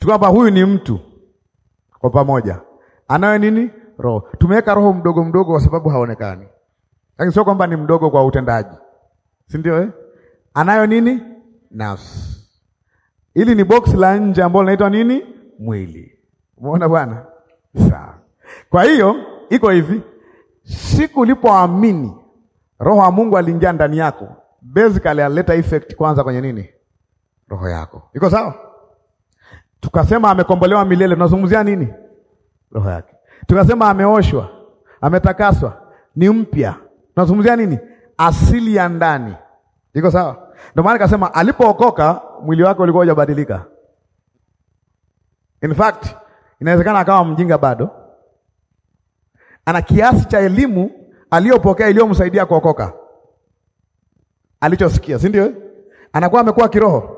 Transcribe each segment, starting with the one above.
tu huyu ni mtu kwa pamoja, anayo nini? Roho. Tumeweka roho mdogo mdogo kwa sababu haonekani, lakini sio kwamba ni mdogo kwa utendaji, si ndio eh? Anayo nini? Nafsi. Ili ni box la nje ambalo linaitwa nini? Mwili. Umeona bwana? Sawa. Kwa hiyo iko hivi, siku ulipoamini roho wa Mungu aliingia ndani yako, basically alileta effect kwanza kwenye nini? Roho yako. Iko sawa? Tukasema amekombolewa milele, tunazungumzia nini? Roho yake. Tukasema ameoshwa, ametakaswa, ni mpya, tunazungumzia nini? Asili ya ndani. Iko sawa? Ndio maana nikasema alipookoka mwili wake ulikuwa hujabadilika. In fact, inawezekana akawa mjinga bado. Ana kiasi cha elimu aliyopokea iliyomsaidia kuokoka, alichosikia, si ndio? Anakuwa amekuwa kiroho?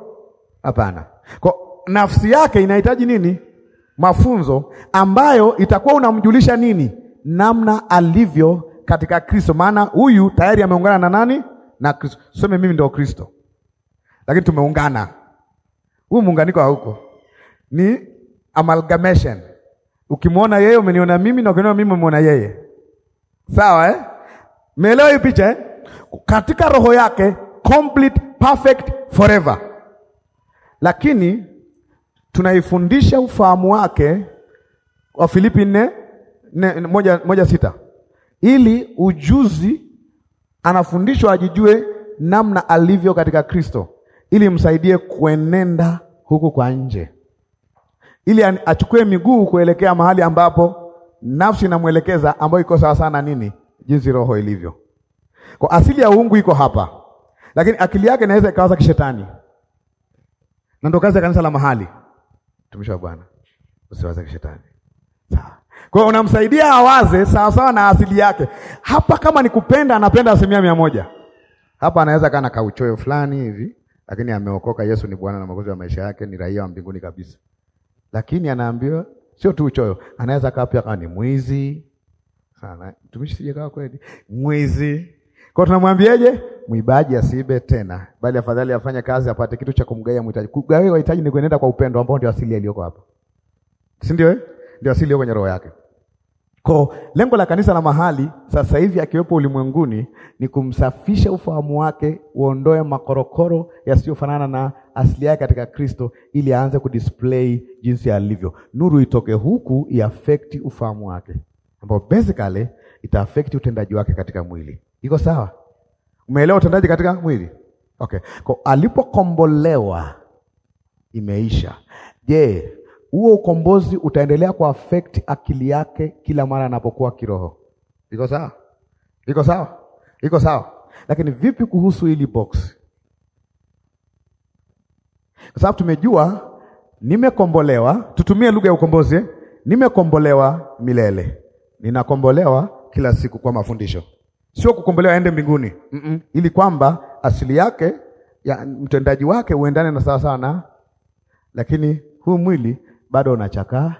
Hapana. Kwa nafsi yake inahitaji nini? Mafunzo ambayo itakuwa unamjulisha nini? Namna alivyo katika Kristo, maana huyu tayari ameungana na nani? Na Kristo. Tuseme mimi ndio Kristo, lakini tumeungana. Huu muunganiko hauko, ni amalgamation. Ukimwona yeye umeniona mimi, na ukiniona mimi umeona yeye. Sawa eh? Meelewa hii picha eh? Katika roho yake complete, perfect, forever, lakini tunaifundisha ufahamu wake wa Filipi nne, moja, moja sita ili ujuzi anafundishwa ajijue namna alivyo katika Kristo ili msaidie kuenenda huku kwa nje ili achukue miguu kuelekea mahali ambapo nafsi inamwelekeza ambayo iko sawa sana nini jinsi roho ilivyo. Kwa asili ya uungu iko hapa, lakini akili yake inaweza ikawaza kishetani, na ndio kazi ya kanisa la mahali. Mtumishi wa Bwana, usiwaze kishetani. Sawa. Kwa hiyo unamsaidia awaze sawa sawa na asili yake. Hapa kama ni kupenda, anapenda asilimia mia moja. Hapa anaweza kana kauchoyo fulani hivi, lakini ameokoka. Yesu ni Bwana na Mwokozi wa maisha yake, ni raia wa mbinguni kabisa. Lakini anaambiwa sio tu uchoyo, anaweza kaa pia kama ni mwizi sana. Mtumishi sijakaa kweli, mwizi. Kwa tunamwambiaje? mwibaji asiibe tena, bali afadhali afanye kazi apate kitu cha kumgawia mhitaji. Kugawiwa wahitaji ni kuenenda kwa upendo ambao ndio asili iliyoko hapa, si ndio? Eh, ndio asili kwenye roho yake. Kwa lengo la kanisa la mahali sasa hivi akiwepo ulimwenguni ni kumsafisha ufahamu wake, uondoe makorokoro yasiyofanana na asili yake katika Kristo, ili aanze kudisplay jinsi alivyo. Nuru itoke huku iafekti ufahamu wake, ambao basically itaafekti utendaji wake katika mwili. Iko sawa? Umeelewa utendaji katika mwili? Okay. Kwa alipokombolewa imeisha. Je, huo ukombozi utaendelea ku affect akili yake kila mara anapokuwa kiroho? Iko sawa? Iko sawa? Iko sawa? Lakini vipi kuhusu hili box? Kwa sababu tumejua nimekombolewa, tutumie lugha ya ukombozi, nimekombolewa milele, ninakombolewa kila siku kwa mafundisho sio kukombolewa aende mbinguni mm -mm. ili kwamba asili yake ya mtendaji wake uendane na sawa sana, lakini huu mwili bado unachakaa,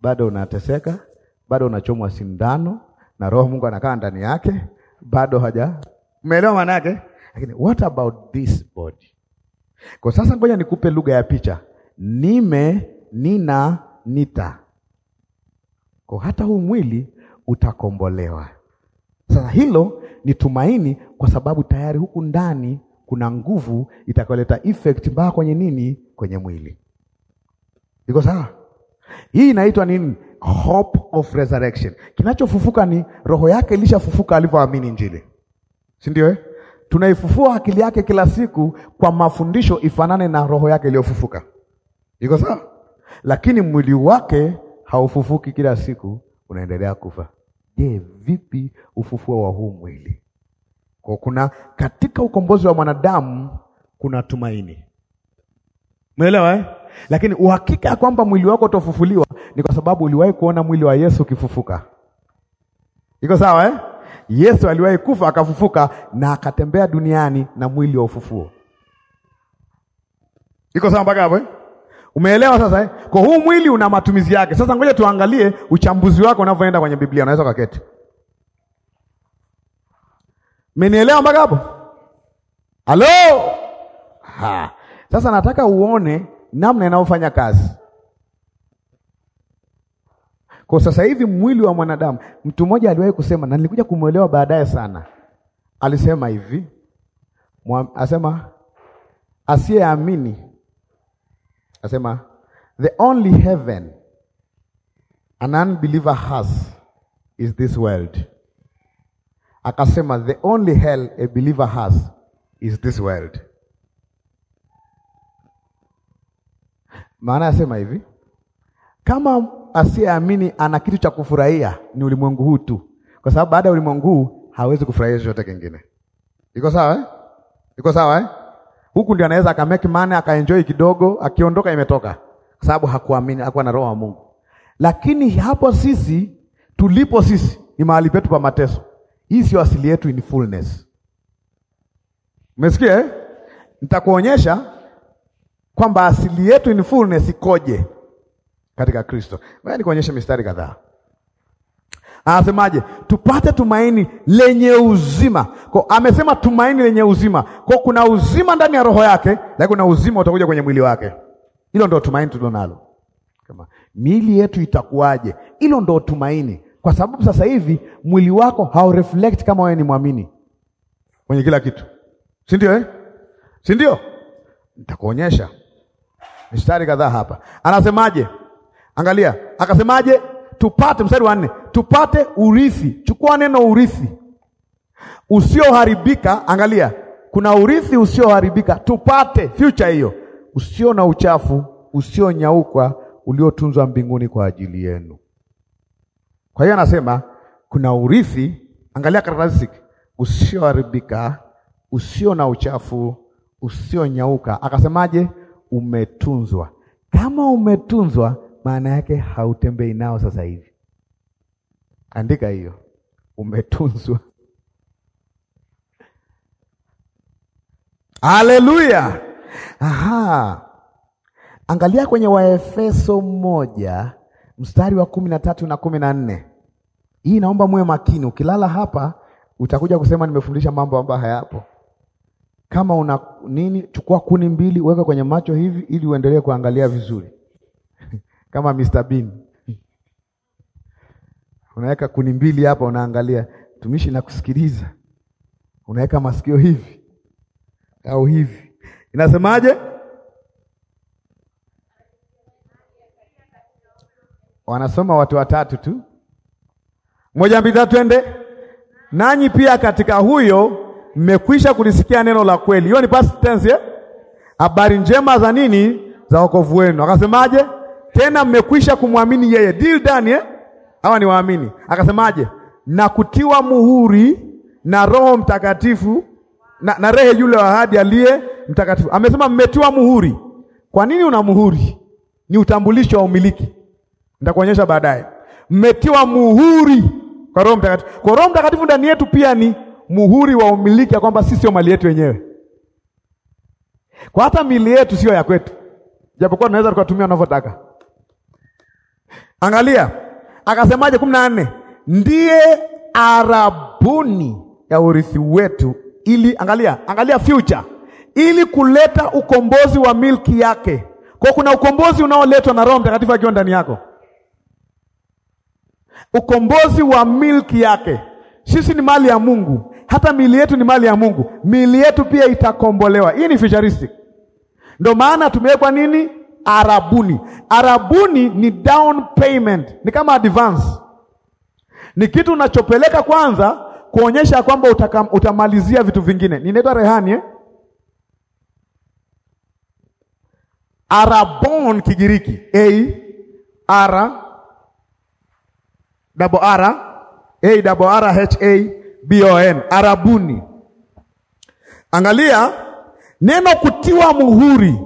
bado unateseka, bado unachomwa sindano na Roho Mungu anakaa ndani yake, bado haja umeelewa maana yake. Lakini what about this body? Kwa sasa, ngoja nikupe lugha ya picha, nime, nina, nita. Kwa hata huu mwili utakombolewa sasa hilo ni tumaini, kwa sababu tayari huku ndani kuna nguvu itakayoleta effect mbaya kwenye nini? Kwenye mwili. Iko sawa? Hii inaitwa nini? Hope of resurrection. Kinachofufuka ni roho yake ilishafufuka alivyoamini Injili, si ndio? Eh, tunaifufua akili yake kila siku kwa mafundisho ifanane na roho yake iliyofufuka. Iko sawa? Lakini mwili wake haufufuki kila siku, unaendelea kufa. Je, vipi ufufuo wa huu mwili? Kwa kuna katika ukombozi wa mwanadamu kuna tumaini, umeelewa eh? Lakini uhakika ya kwamba mwili wako utafufuliwa ni kwa sababu uliwahi kuona mwili wa Yesu ukifufuka. Iko sawa eh? Yesu aliwahi kufa akafufuka na akatembea duniani na mwili wa ufufuo. Iko sawa mpaka hapo eh? Umeelewa sasa eh? Kwa huu mwili una matumizi yake. Sasa ngoja tuangalie uchambuzi wako unavyoenda kwenye Biblia. Unaweza kaketi. Mmenielewa mpaka hapo? Halo? Ha. Sasa nataka uone namna inavyofanya kazi. Kwa sasa hivi mwili wa mwanadamu, mtu mmoja aliwahi kusema na nilikuja kumwelewa baadaye sana. Alisema hivi. Asema asiyeamini Nasema the only heaven an unbeliever has is this world. Akasema the only hell a believer has is this world. Maana yasema hivi, kama asiyeamini ana kitu cha kufurahia ni ulimwengu huu tu, kwa sababu baada ya ulimwengu huu hawezi kufurahia chochote kingine. Iko sawa eh? Iko sawa eh? Huku ndio anaweza akamake mane akaenjoy kidogo, akiondoka imetoka, kwa sababu hakuamini, hakuwa na roho wa Mungu. Lakini hapo sisi tulipo, sisi ni mahali petu pa mateso. Hii sio asili yetu in fullness. Umesikia eh? Nitakuonyesha kwamba asili yetu in fullness ikoje katika Kristo. Ngoja nikuonyeshe mistari kadhaa. Anasemaje? Tupate tumaini lenye uzima. Kwa amesema tumaini lenye uzima, kwa kuna uzima ndani ya roho yake, lakini kuna uzima utakuja kwenye mwili wake. Hilo ndio tumaini tulionalo, Kama miili yetu itakuwaje? Hilo ndio tumaini, kwa sababu sasa hivi mwili wako hau reflect kama wewe ni mwamini kwenye kila kitu, si ndio eh? si ndio? Nitakuonyesha mistari kadhaa hapa. Anasemaje? Angalia, akasemaje? tupate, mstari wa nne, tupate urithi. Chukua neno urithi usioharibika. Angalia, kuna urithi usioharibika, tupate future hiyo, usio na uchafu, usionyauka, uliotunzwa mbinguni kwa ajili yenu. Kwa hiyo anasema kuna urithi, angalia karatasi, usioharibika, usio na uchafu, usionyauka. Akasemaje? Umetunzwa. Kama umetunzwa maana yake hautembei nao sasa hivi. Andika hiyo, umetunzwa. Haleluya! Aha, angalia kwenye Waefeso moja mstari wa kumi na tatu na kumi na nne. Hii naomba muwe makini, ukilala hapa utakuja kusema nimefundisha mambo ambayo hayapo. Kama una nini, chukua kuni mbili, weka kwenye macho hivi, ili uendelee kuangalia vizuri kama Mr. Bean. Unaweka kuni mbili hapa, unaangalia tumishi na kusikiliza, unaweka masikio hivi au hivi, inasemaje? Wanasoma watu watatu tu, moja mbili tatu, ende nanyi pia katika huyo mmekwisha kulisikia neno la kweli. Hiyo ni past tense, eh? habari njema za nini? Za wokovu wenu. Akasemaje? tena mmekwisha kumwamini yeye. Deal done eh? Hawa ni waamini. Akasemaje? na kutiwa muhuri na Roho Mtakatifu na, na rehe yule wa ahadi aliye mtakatifu. Amesema mmetiwa muhuri. Kwa nini una muhuri? Ni utambulisho wa umiliki. Nitakuonyesha baadaye. Mmetiwa muhuri kwa Roho Mtakatifu. Kwa Roho Mtakatifu ndani yetu pia ni muhuri wa umiliki, ya kwamba sisi sio mali yetu wenyewe, kwa hata mili yetu sio ya kwetu, japokuwa tunaweza tukatumia unavyotaka. Angalia akasemaje, kumi na nne ndiye arabuni ya urithi wetu, ili angalia, angalia future, ili kuleta ukombozi wa milki yake. Kwa kuna ukombozi unaoletwa na Roho Mtakatifu akiwa ndani yako, ukombozi wa milki yake. Sisi ni mali ya Mungu, hata mili yetu ni mali ya Mungu. Mili yetu pia itakombolewa. Hii ni futuristic, ndio maana tumewekwa nini arabuni. Arabuni ni down payment, ni kama advance, ni kitu unachopeleka kwanza kuonyesha kwamba utakam, utamalizia vitu vingine. Ninaitwa rehani eh? Arabon Kigiriki a r double r a double r h a b o n arabuni. Angalia neno kutiwa muhuri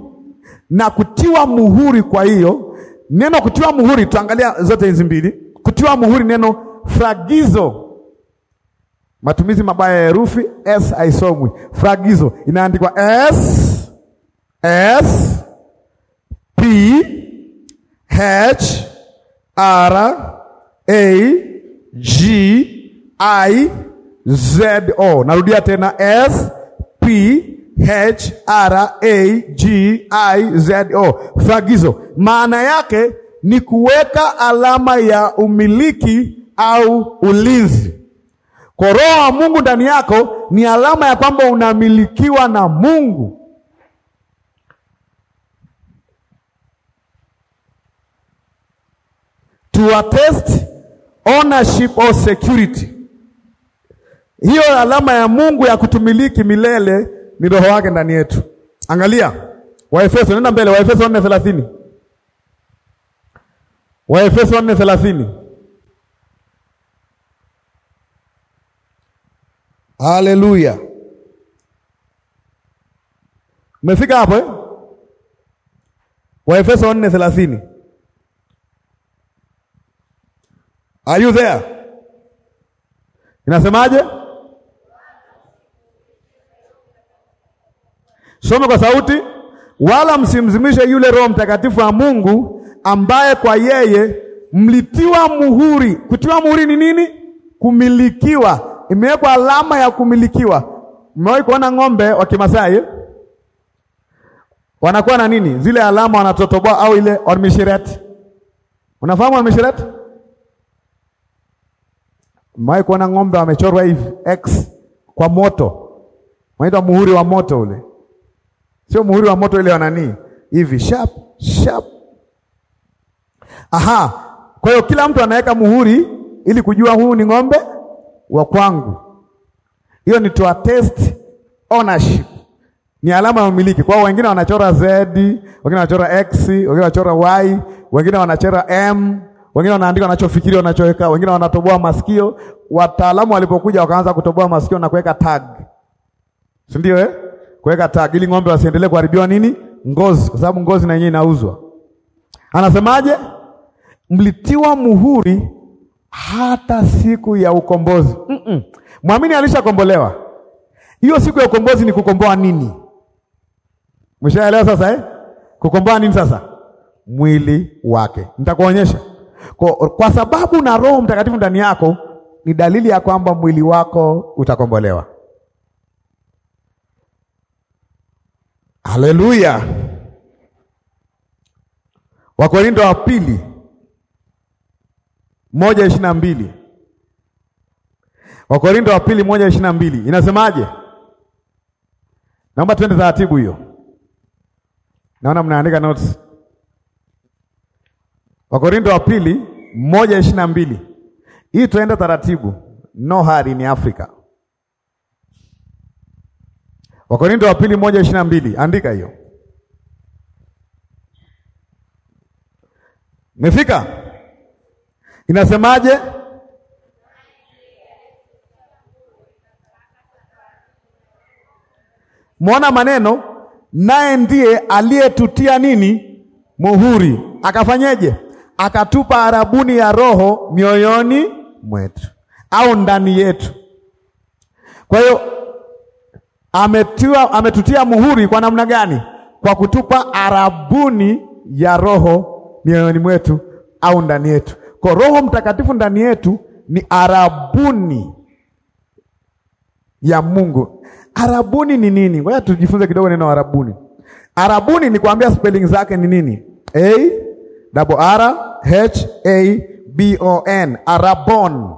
na kutiwa muhuri. Kwa hiyo neno kutiwa muhuri, tuangalia zote hizi mbili, kutiwa muhuri, neno fragizo, matumizi mabaya ya herufi s haisomwi. Fragizo inaandikwa s s p h r a g i z o. Narudia tena s p H R A G I Z O, fagizo. Maana yake ni kuweka alama ya umiliki au ulinzi. Kwa Roho wa Mungu ndani yako ni alama ya kwamba unamilikiwa na Mungu. To attest ownership or security, hiyo alama ya Mungu ya kutumiliki milele ni roho wake ndani yetu. Angalia Waefeso, nenda mbele, Waefeso 4:30. Waefeso 4:30. Haleluya. Umefika hapo eh? Waefeso 4:30. Are you there? Inasemaje? Soma kwa sauti, wala msimzimishe yule Roho Mtakatifu wa Mungu ambaye kwa yeye mlitiwa muhuri. Kutiwa muhuri ni nini? Kumilikiwa, imewekwa alama ya kumilikiwa. Mmewahi kuona ng'ombe wa Kimasai wanakuwa na nini? Zile alama wanatotoboa, au ile ormishiret. Unafahamu ormishiret? Mmewahi kuona ng'ombe wamechorwa hivi X kwa moto, wanaitwa muhuri wa moto ule sio muhuri wa moto ile wa nani hivi sharp sharp. Aha, kwa hiyo kila mtu anaweka muhuri ili kujua huu ni ng'ombe wa kwangu. Hiyo ni to attest ownership, ni alama ya umiliki. Kwa wengine wanachora Z, wengine wanachora X, wengine wanachora Y, wengine wanachora M, wengine wanaandika wanachofikiri, wanachoweka, wengine wanatoboa masikio. Wataalamu walipokuja wakaanza kutoboa masikio na kuweka tag, si ndio eh? kuweka tagi ili ng'ombe wasiendelee kuharibiwa nini, ngozi, kwa sababu ngozi na yenyewe inauzwa. Anasemaje? mlitiwa muhuri hata siku ya ukombozi. mm -mm. Mwamini alishakombolewa. Hiyo siku ya ukombozi ni kukomboa nini? Mshaelewa sasa eh? Kukomboa nini sasa? Mwili wake. Nitakuonyesha kwa, kwa sababu na Roho Mtakatifu ndani yako ni dalili ya kwamba mwili wako utakombolewa. Haleluya. Wakorinto wa pili moja ishirini na mbili Wakorinto wa pili moja ishirini na mbili inasemaje? Naomba twende taratibu hiyo, naona mnaandika notes. Wakorinto wa pili moja ishirini na mbili hii tuende taratibu, no hari ni Afrika Wakorinto wa pili moja ishirini na mbili andika hiyo. Mefika? Inasemaje? Mwona maneno, naye ndiye aliyetutia nini? Muhuri. Akafanyeje? Akatupa arabuni ya Roho mioyoni mwetu au ndani yetu. Kwa hiyo ametua, ametutia muhuri kwa namna gani? Kwa kutupa arabuni ya Roho mioyoni mwetu au ndani yetu. Kwa Roho Mtakatifu ndani yetu ni arabuni ya Mungu. Arabuni ni nini? Ngoja tujifunze kidogo neno arabuni. Arabuni ni kuambia spelling zake ni nini? A double R H A B O N. Arabon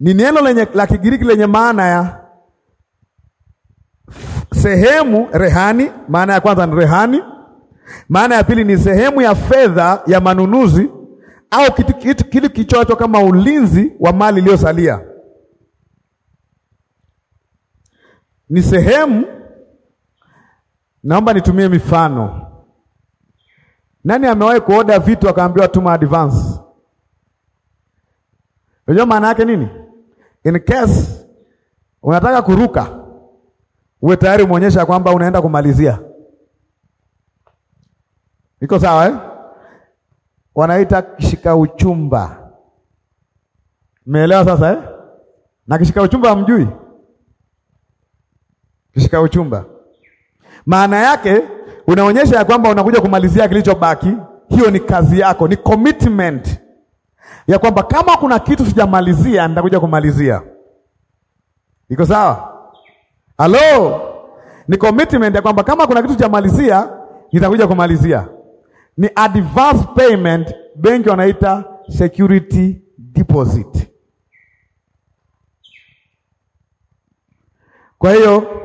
ni neno lenye la Kigiriki lenye maana ya sehemu rehani, maana ya kwanza ni rehani, maana ya pili ni sehemu ya fedha ya manunuzi au kitu, kitu, kitu kichoacho kama ulinzi wa mali iliyosalia. Ni sehemu, naomba nitumie mifano. Nani amewahi kuoda vitu akaambiwa tuma advance? Unajua maana yake nini? In case unataka kuruka uwe tayari muonyesha kwamba unaenda kumalizia. Iko sawa eh? Wanaita kishika uchumba. Mmeelewa sasa eh? Na kishika uchumba hamjui? Kishika uchumba maana yake unaonyesha ya kwamba unakuja kumalizia kilichobaki. Hiyo ni kazi yako, ni commitment ya kwamba kama kuna kitu sijamalizia, nitakuja kumalizia. Iko sawa? Halo, ni commitment ya kwamba kama kuna kitu cha malizia nitakuja kumalizia. Ni advance payment, benki wanaita security deposit. Kwa hiyo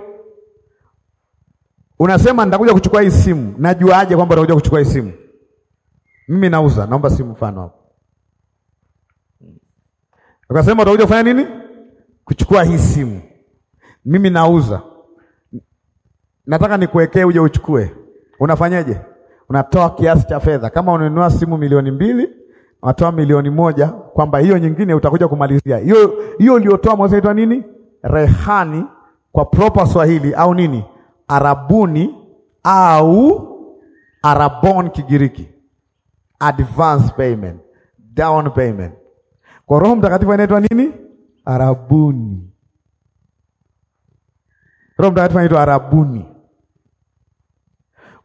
unasema nitakuja kuchukua hii simu, najuaje kwamba nitakuja kuchukua hii simu? Mimi nauza, naomba simu mfano hapo. Ukasema utakuja kufanya nini? Kuchukua hii simu mimi nauza, nataka nikuwekee uje uchukue, unafanyaje? Unatoa kiasi cha fedha. Kama unanunua simu milioni mbili, unatoa milioni moja, kwamba hiyo nyingine utakuja kumalizia hiyo hiyo uliotoa mwanzo. Inaitwa nini? Rehani kwa proper Swahili au nini? Arabuni au arabon Kigiriki, advance payment, down payment. Kwa Roho Mtakatifu inaitwa nini? Arabuni. Roho Mtakatifu anaitwa Arabuni.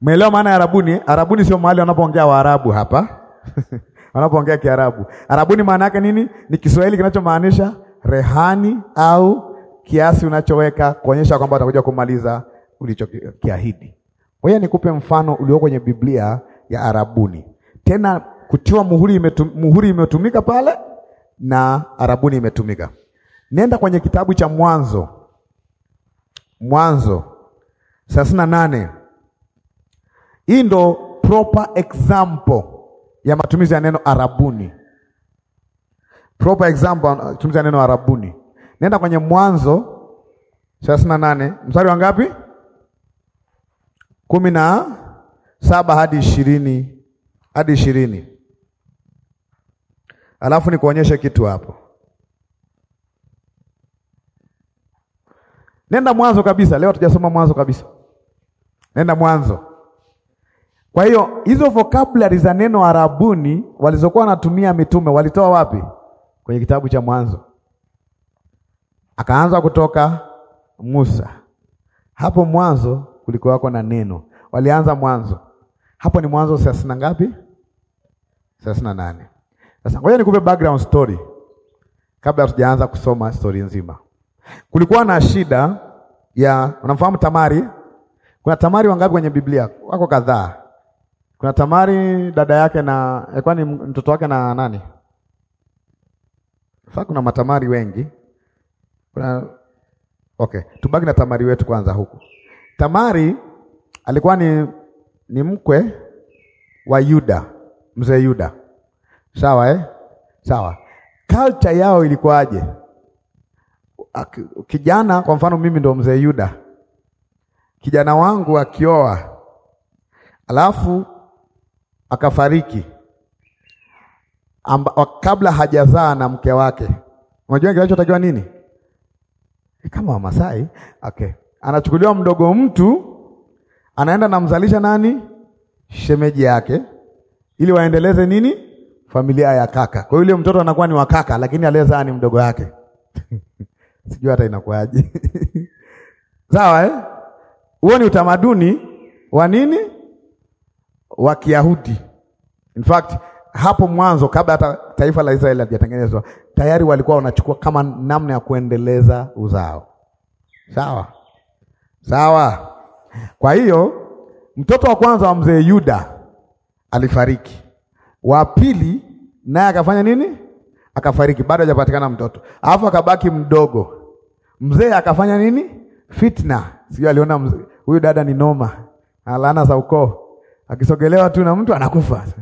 Umeelewa maana ya Arabuni? Arabuni sio mahali wanapoongea Waarabu hapa wanapoongea Kiarabu. Arabuni maana yake nini? Ni Kiswahili kinachomaanisha rehani au kiasi unachoweka kuonyesha kwamba utakuja kumaliza ulichokiahidi. Wewe nikupe mfano ulio kwenye Biblia ya Arabuni. Tena kutiwa muhuri imetum, muhuri imetumika pale na Arabuni imetumika. Nenda kwenye kitabu cha Mwanzo Mwanzo thelathini na nane. Hii ndo proper example ya matumizi ya neno arabuni. Proper example matumizi ya neno arabuni. Nenda kwenye Mwanzo thelathini na nane mstari wa ngapi? kumi na saba hadi ishirini hadi ishirini alafu nikuonyeshe kitu hapo. Nenda mwanzo kabisa, leo tujasoma mwanzo kabisa. Nenda mwanzo. Kwa hiyo hizo vocabulary za neno Arabuni walizokuwa wanatumia mitume walitoa wapi? Kwenye kitabu cha Mwanzo. Akaanza kutoka Musa. Hapo mwanzo kulikuwako na neno. Walianza mwanzo. Hapo ni Mwanzo thelathini na ngapi? Thelathini na nane. Sasa ngoja nikupe background story kabla hatujaanza kusoma story nzima. Kulikuwa na shida ya, unamfahamu Tamari? Kuna Tamari wangapi kwenye Biblia? Wako kadhaa. Kuna Tamari dada yake na alikuwa eh, ni mtoto wake na nani? Sasa kuna matamari wengi. Kuna okay, tubaki na Tamari wetu kwanza huku. Tamari alikuwa ni, ni mkwe wa Yuda, mzee Yuda. Sawa eh? Sawa. Culture yao ilikuwaje? Ah, kijana, kwa mfano mimi ndo mzee Yuda, kijana wangu akioa alafu akafariki amba, kabla hajazaa na mke wake, unajua kinachotakiwa nini? Kama Wamasai okay, anachukuliwa mdogo mtu anaenda namzalisha nani, shemeji yake, ili waendeleze nini, familia ya kaka. Kwa hiyo yule mtoto anakuwa ni wa kaka, lakini aliyezaa ni mdogo wake sijui hata inakuaje. Sawa eh? Huo ni utamaduni wa nini? Wa Kiyahudi. In fact, hapo mwanzo kabla hata taifa la Israeli halijatengenezwa, tayari walikuwa wanachukua kama namna ya kuendeleza uzao. Sawa? Sawa. Kwa hiyo mtoto wa kwanza wa mzee Yuda alifariki. Wa pili naye akafanya nini? Akafariki, bado hajapatikana mtoto, alafu akabaki mdogo Mzee akafanya nini? Fitna. Sio aliona huyu dada ni noma, alana za ukoo, akisogelewa tu na mtu anakufa.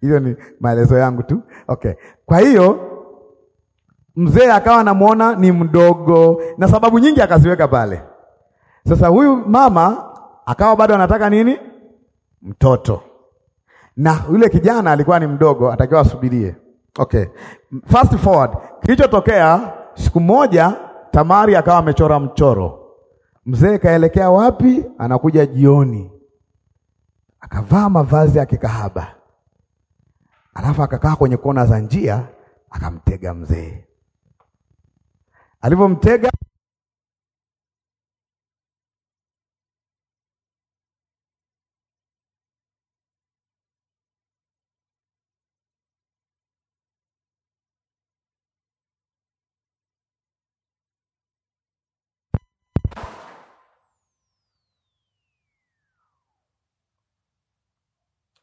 Hiyo ni maelezo yangu tu, okay. Kwa hiyo mzee akawa namuona ni mdogo, na sababu nyingi akaziweka pale. Sasa huyu mama akawa bado anataka nini? Mtoto, na yule kijana alikuwa ni mdogo, atakiwa asubirie. Okay, fast forward, kilichotokea Siku moja Tamari akawa amechora mchoro. Mzee kaelekea wapi? Anakuja jioni, akavaa mavazi ya kikahaba, alafu akakaa kwenye kona za njia, akamtega mzee. Alivyomtega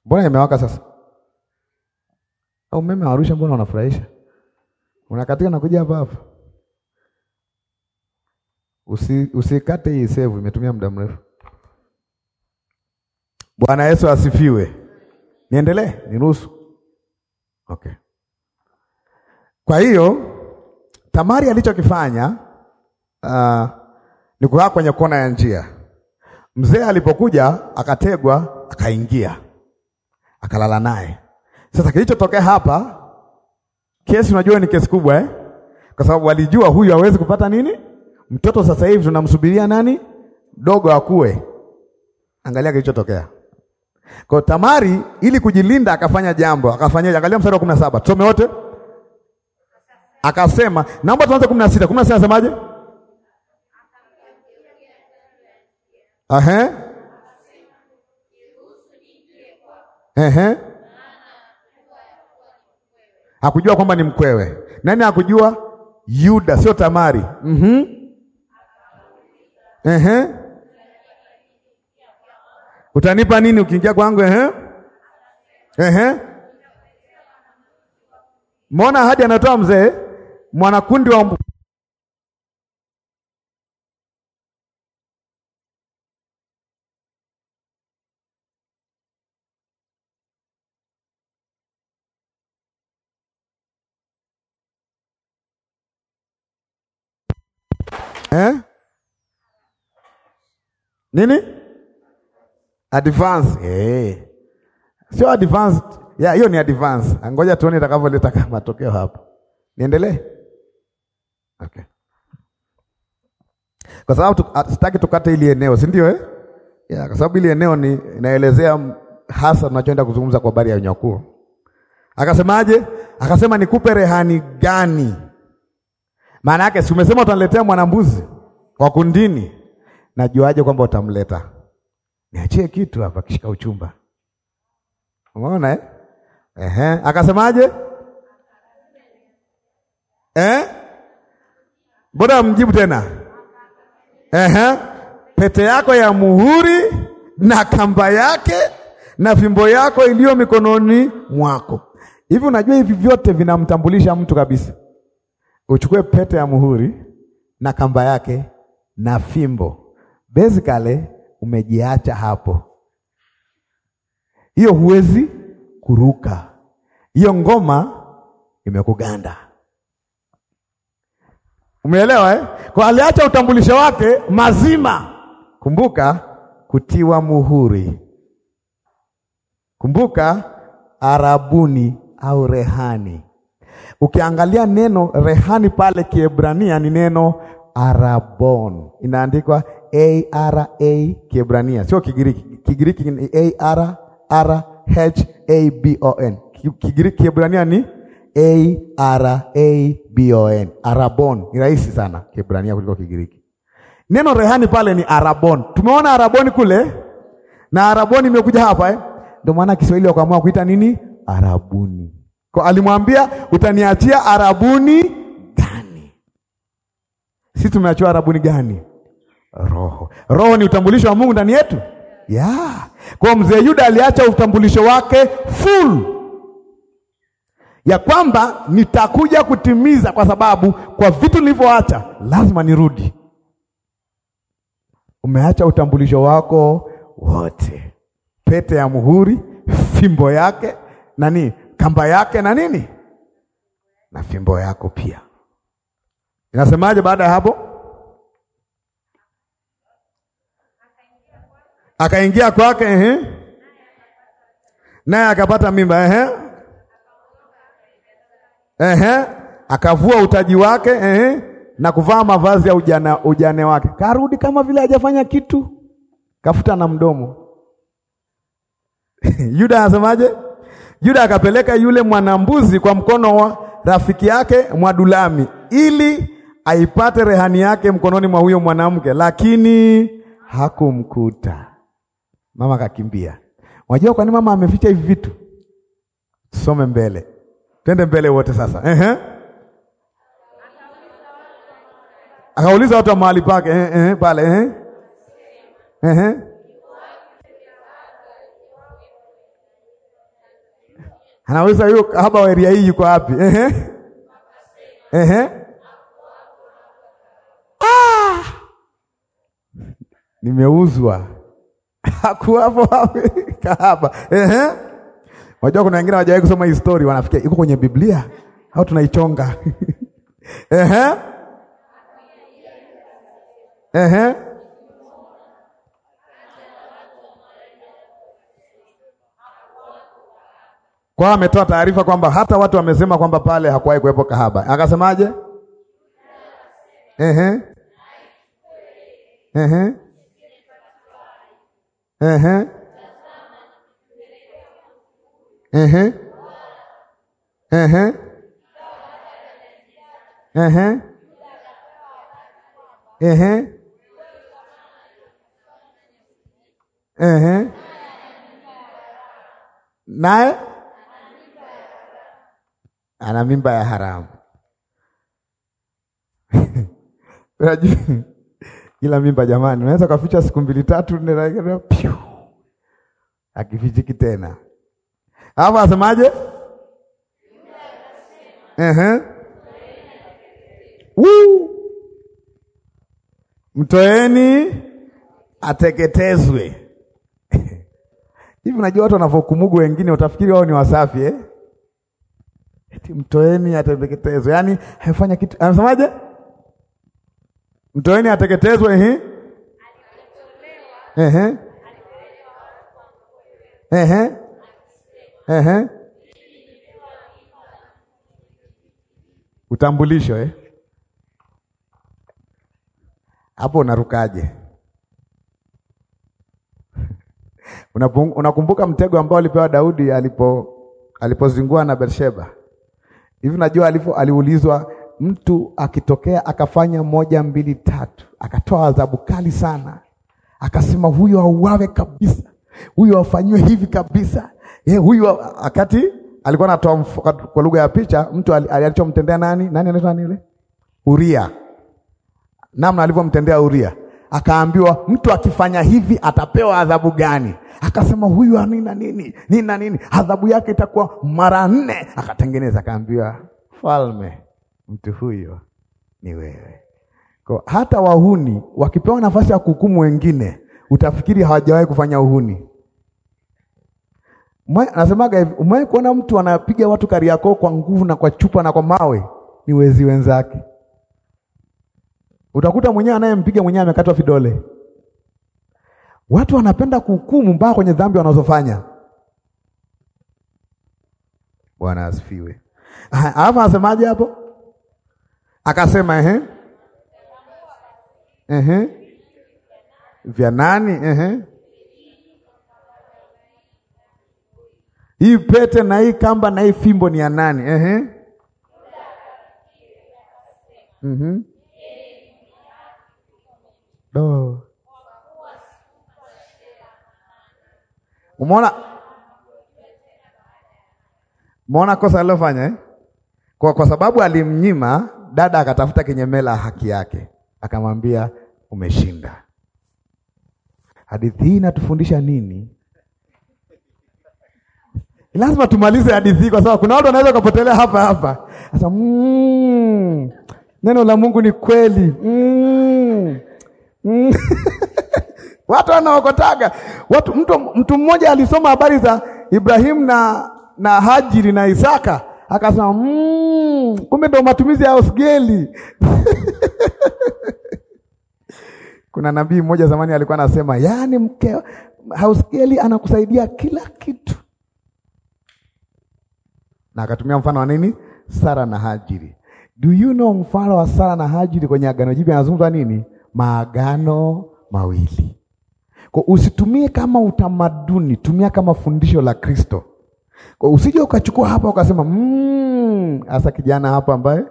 Mbona yamewaka sasa? Au umeme wa Arusha mbona unafurahisha? Unakatika na kuja hapa hapa. Usi, usikate hii save imetumia muda mrefu. Bwana Yesu asifiwe. Niendelee, niruhusu. Okay. Kwa hiyo Tamari alichokifanya uh, ni kukaa kwenye kona ya njia. Mzee alipokuja akategwa, akaingia akalala naye. Sasa kilichotokea hapa, kesi unajua ni kesi kubwa eh? Kwa sababu walijua huyu hawezi kupata nini mtoto. Sasa hivi tunamsubiria nani dogo akue. Angalia kilichotokea kwa Tamari, ili kujilinda akafanya jambo, akafanya. Angalia mstari wa saba tusome wote. Akasema, naomba tuanze 16. 16 nasemaje? Aha. Ehe. Hakujua kwamba ni mkwewe. Nani hakujua? Yuda, sio Tamari. Mhm. Ehe. Utanipa nini ukiingia kwangu? Ehe. Ehe. Mbona hadi anatoa mzee mwanakundi wa nini advance eh, sio advance ya hiyo ni advance. Ngoja tuone itakavyoleta kama matokeo hapo. Niendelee, okay, kwa sababu ah, sitaki tukate ili eneo, si ndio eh? Ya, kwa sababu ili eneo ni inaelezea hasa tunachoenda kuzungumza kwa habari ya unyakuo. Akasemaje? Akasema nikupe rehani gani? Maana yake si umesema utaniletea mwanambuzi wa kundini najuaje kwamba utamleta? Niachie kitu hapa, kishika uchumba. Umeona eh? Ehe, akasemaje? Eh? Bora mjibu tena. Ehe. Pete yako ya muhuri na kamba yake na fimbo yako iliyo mikononi mwako. Hivi unajua hivi vyote vinamtambulisha mtu kabisa. Uchukue pete ya muhuri na kamba yake na fimbo Basically umejiacha hapo, hiyo huwezi kuruka, hiyo ngoma imekuganda. Umeelewa eh? Kwa aliacha utambulisho wake mazima. Kumbuka kutiwa muhuri, kumbuka arabuni au rehani. Ukiangalia neno rehani pale Kiebrania ni neno Arabon inaandikwa A R A Kiebrania, sio Kigiriki. Kigiriki A R R H A B O N. Kigiriki Kiebrania ni A R A B O N. Arabon ni rahisi sana Kiebrania kuliko Kigiriki. Neno rehani pale ni Arabon. Tumeona arabon kule na arabon imekuja hapa eh? Ndio maana Kiswahili wakaamua kuita nini Arabuni. Kwa alimwambia utaniachia Arabuni sisi tumeachiwa arabuni gani? Roho. Roho ni utambulisho wa Mungu ndani yetu ya yeah. Kwa mzee Yuda aliacha utambulisho wake full ya kwamba nitakuja kutimiza, kwa sababu kwa vitu nilivyoacha lazima nirudi. Umeacha utambulisho wako wote, pete ya muhuri, fimbo yake nani, kamba yake na nini na fimbo yako pia. Inasemaje baada ya hapo? Akaingia kwake, ehe, naye akapata mimba, ehe, ehe, akavua utaji wake, ehe, na kuvaa mavazi ya ujana, ujane wake, karudi kama vile hajafanya kitu, kafuta na mdomo Yuda anasemaje? Yuda akapeleka yule mwanambuzi kwa mkono wa rafiki yake Mwadulami ili aipate rehani yake mkononi mwa huyo mwanamke, lakini hakumkuta. Mama akakimbia. Unajua kwa nini mama ameficha hivi vitu? Tusome mbele, twende mbele wote sasa. Ehe, akauliza watu wa mahali pake, eh, eh, eh. ehe, pale, ehe, ehe anaweza hiyo haba wa eria hii yuko wapi? Ehe, ehe nimeuzwa. Hakuwapo hapo kahaba. Ehe. Wajua kuna wengine hawajawahi kusoma history wanafikia iko kwenye Biblia au tunaichonga. Ehe. Ehe. Kwa ametoa taarifa kwamba hata watu wamesema kwamba pale hakuwahi kuwepo kahaba. Akasemaje? Ehe. Ehe. Uhum. Uhum. Uhum. Uhum. Uhum. Uhum. nai ana mimba ya haramu. Ila mimba jamani, unaweza kaficha siku mbili tatu nne piu. Akifichiki tena. Hapo asemaje? Ehe. Mtoeni ateketezwe. Hivi unajua watu wanavokumugu wengine utafikiri wao ni wasafi eh? Eti mtoeni ateketezwe. Yaani haifanya kitu. Anasemaje? mtoeni ateketezwe, ehe, ehe, ehe, ehe. Utambulisho eh? Hapo unarukaje? Unakumbuka mtego ambao alipewa Daudi alipo alipozingua na Bersheba? Hivi najua alipo aliulizwa mtu akitokea akafanya moja mbili tatu, akatoa adhabu kali sana, akasema huyu auawe kabisa, huyo afanyiwe hivi kabisa, eh, huyu wakati alikuwa anatoa kwa lugha ya picha, mtu alichomtendea nani nani, anaitwa nani yule Uria, namna alivyomtendea Uria, akaambiwa mtu akifanya hivi atapewa adhabu gani? Akasema huyu anina nini nina nini, adhabu yake itakuwa mara nne. Akatengeneza, akaambiwa falme mtu huyo ni wewe. Kwa hata wahuni wakipewa nafasi ya kuhukumu wengine, utafikiri hawajawahi kufanya uhuni. Anasemaga hivi, umewahi kuona mtu anapiga watu Kariakoo kwa nguvu na kwa chupa na kwa mawe? Ni wezi wenzake. Utakuta mwenyewe anayempiga mwenyewe amekatwa vidole. Watu wanapenda kuhukumu mpaka kwenye dhambi wanazofanya. Bwana asifiwe. Alafu anasemaje hapo? Akasema ehe, ehe, vya nani? Ehe, hii pete na hii kamba na hii fimbo ni ya nani? Ehe, mhm, do Umeona, umeona kosa alilofanya eh? Kwa, kwa sababu alimnyima dada akatafuta kinyemela haki yake, akamwambia umeshinda. Hadithi hii inatufundisha nini? Lazima tumalize hadithi hii kwa sababu kuna watu wanaweza kupotelea hapa hapa. Sasa mm, neno la Mungu ni kweli mm, mm. watu wanaokotaga watu, mtu, mtu mmoja alisoma habari za Ibrahimu na, na Hajiri na Isaka akasema mm, kumbe ndo matumizi ya osgeli Kuna nabii mmoja zamani alikuwa anasema, yaani mke hausgeli anakusaidia kila kitu, na akatumia mfano wa nini? Sara na Hajiri. Do you know mfano wa Sara na Hajiri kwenye Agano Jipya anazungumza nini? Maagano mawili. Kwa usitumie kama utamaduni, tumia kama fundisho la Kristo. Kwa usije ukachukua hapa ukasema mmm, hasa kijana hapa ambaye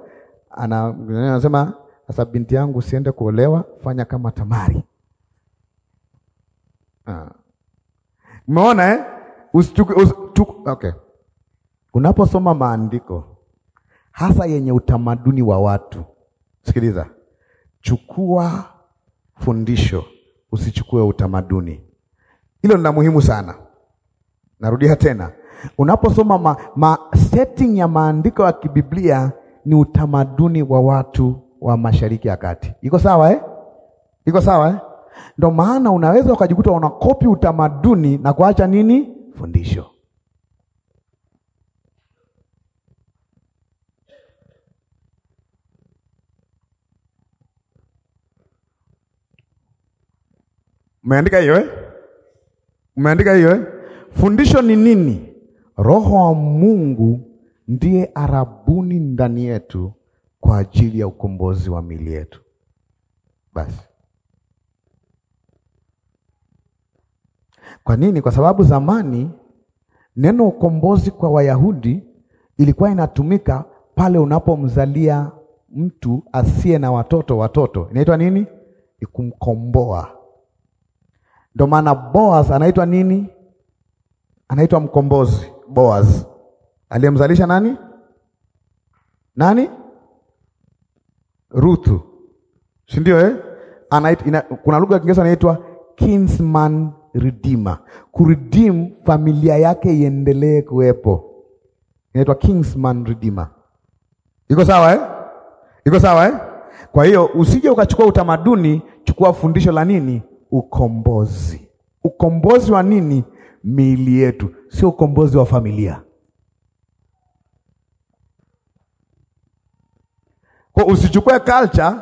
ana anasema sasa binti yangu usiende kuolewa, fanya kama Tamari. Ah. Umeona eh? us, okay. Unaposoma maandiko hasa yenye utamaduni wa watu, sikiliza, chukua fundisho, usichukue utamaduni. Hilo ni la muhimu sana. Narudia tena, Unaposoma ma, ma setting ya maandiko ya kibiblia ni utamaduni wa watu wa Mashariki ya Kati. Iko sawa eh? Iko sawa eh? Ndio maana unaweza ukajikuta unakopi utamaduni na kuacha nini? Fundisho. Umeandika hiyo eh? Umeandika hiyo eh? Fundisho ni nini? Roho wa Mungu ndiye arabuni ndani yetu kwa ajili ya ukombozi wa mili yetu. Basi kwa nini? Kwa sababu zamani neno ukombozi kwa Wayahudi ilikuwa inatumika pale unapomzalia mtu asiye na watoto watoto, inaitwa nini? Ni kumkomboa. Ndio maana Boaz anaitwa nini? Anaitwa mkombozi. Boaz aliyemzalisha nani? Nani? Ruthu, si ndio eh? Anait, ina, kuna lugha ya Kiingereza inaitwa kinsman redeemer, kuredeem familia yake iendelee kuwepo, inaitwa kinsman redeemer. Iko sawa eh? Iko sawa eh? Kwa hiyo usije ukachukua utamaduni, chukua fundisho la nini? Ukombozi. Ukombozi wa nini? Miili yetu sio ukombozi wa familia. Kwa usichukue culture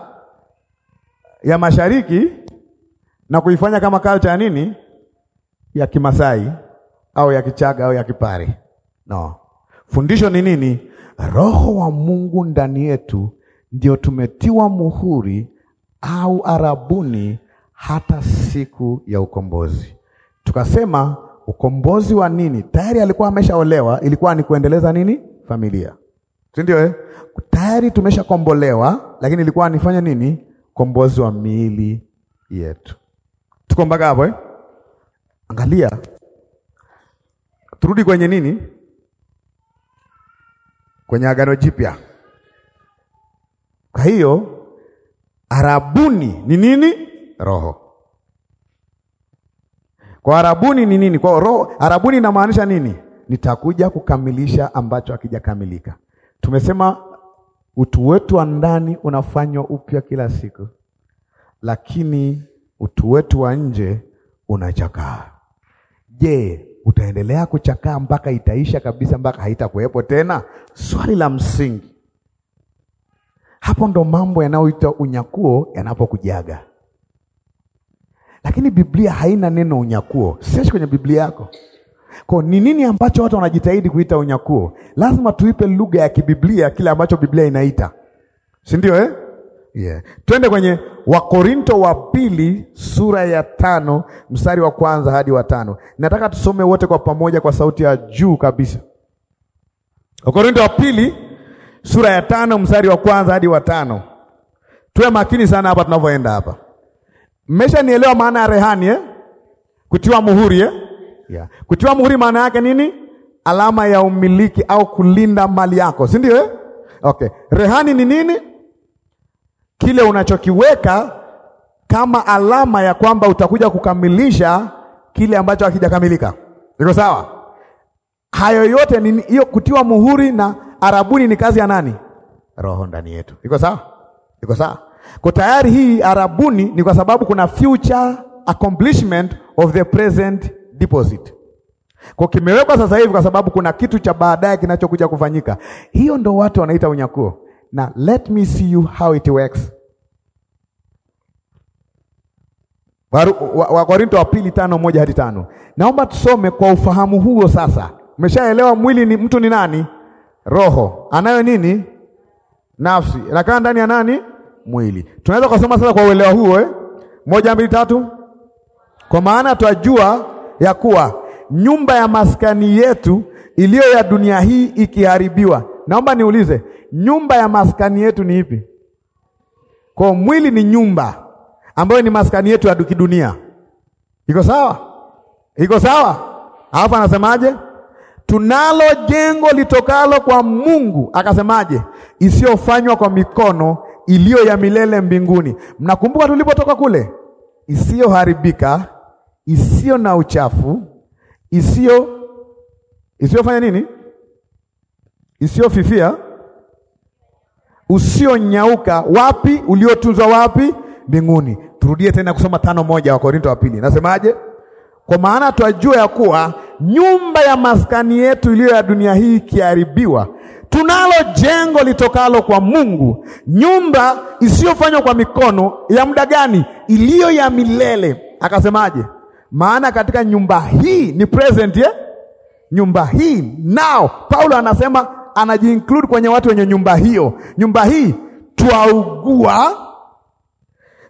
ya mashariki na kuifanya kama culture ya nini, ya Kimasai au ya Kichaga au ya Kipare. No, fundisho ni nini? Roho wa Mungu ndani yetu ndio tumetiwa muhuri au arabuni hata siku ya ukombozi. Tukasema ukombozi wa nini? Tayari alikuwa ameshaolewa, ilikuwa ni kuendeleza nini? Familia, si ndio? Eh, tayari tumeshakombolewa, lakini ilikuwa anifanya nini? Ukombozi wa miili yetu. Tuko mpaka hapo eh? Angalia, turudi kwenye nini, kwenye Agano Jipya. Kwa hiyo arabuni ni nini? Roho kwa arabuni ni nini? Kwa roho arabuni inamaanisha nini? Nitakuja kukamilisha ambacho hakijakamilika. Tumesema utu wetu wa ndani unafanywa upya kila siku, lakini utu wetu wa nje unachakaa. Je, utaendelea kuchakaa mpaka itaisha kabisa, mpaka haitakuwepo tena? Swali la msingi hapo. Ndo mambo yanayoitwa unyakuo yanapokujaga. Lakini Biblia haina neno unyakuo, search kwenye Biblia yako. Kwa ni nini ambacho watu wanajitahidi kuita unyakuo? Lazima tuipe lugha ya kibiblia kile ambacho Biblia inaita, si ndio eh? Yeah. Twende kwenye Wakorinto wa pili sura ya tano mstari wa kwanza hadi wa tano. Nataka tusome wote kwa pamoja kwa sauti ya juu kabisa. Wakorinto wa pili sura ya tano mstari wa kwanza hadi wa tano. Tuwe makini sana hapa tunavyoenda hapa. Mmesha nielewa maana ya rehani eh? Kutiwa muhuri eh? Yeah. Kutiwa muhuri maana yake nini? Alama ya umiliki au kulinda mali yako, si ndio eh? Okay. Rehani ni nini? Kile unachokiweka kama alama ya kwamba utakuja kukamilisha kile ambacho hakijakamilika. Iko sawa? Hayo yote ni hiyo kutiwa muhuri na arabuni ni kazi ya nani? Roho ndani yetu. Iko sawa? Iko sawa? Kwa tayari hii arabuni ni kwa sababu kuna future accomplishment of the present deposit. Kwa kimewekwa sasa hivi kwa sababu kuna kitu cha baadaye kinachokuja kufanyika. Hiyo ndo watu wanaita unyakuo. Na let me see you how it works. Wakorinto wa pili tano moja hadi tano. Naomba tusome kwa ufahamu huo sasa. Umeshaelewa mwili ni mtu ni nani? Roho. Anayo nini? Nafsi. Anakaa ndani ya nani? mwili. Tunaweza kusoma sasa kwa uelewa huo eh? Moja, mbili, tatu. Kwa maana twajua ya kuwa nyumba ya maskani yetu iliyo ya dunia hii ikiharibiwa. Naomba niulize, nyumba ya maskani yetu ni ipi? Kwa mwili ni nyumba ambayo ni maskani yetu ya kidunia. Iko sawa? Iko sawa? Alafu anasemaje? Tunalo jengo litokalo kwa Mungu, akasemaje? Isiyofanywa kwa mikono, iliyo ya milele mbinguni. Mnakumbuka tulipotoka kule, isiyoharibika, isiyo na uchafu, isiyo isiyofanya nini, isiyofifia, usionyauka. Wapi? Uliotunzwa wapi? Mbinguni. Turudie tena kusoma tano moja wa Korinto wa pili, nasemaje? Kwa maana twajua ya kuwa nyumba ya maskani yetu iliyo ya dunia hii ikiharibiwa tunalo jengo litokalo kwa Mungu, nyumba isiyofanywa kwa mikono, ya muda gani? Iliyo ya milele. Akasemaje? Maana katika nyumba hii ni present ye? Eh? nyumba hii nao, Paulo anasema anajiinclude kwenye watu wenye nyumba hiyo. Nyumba hii twaugua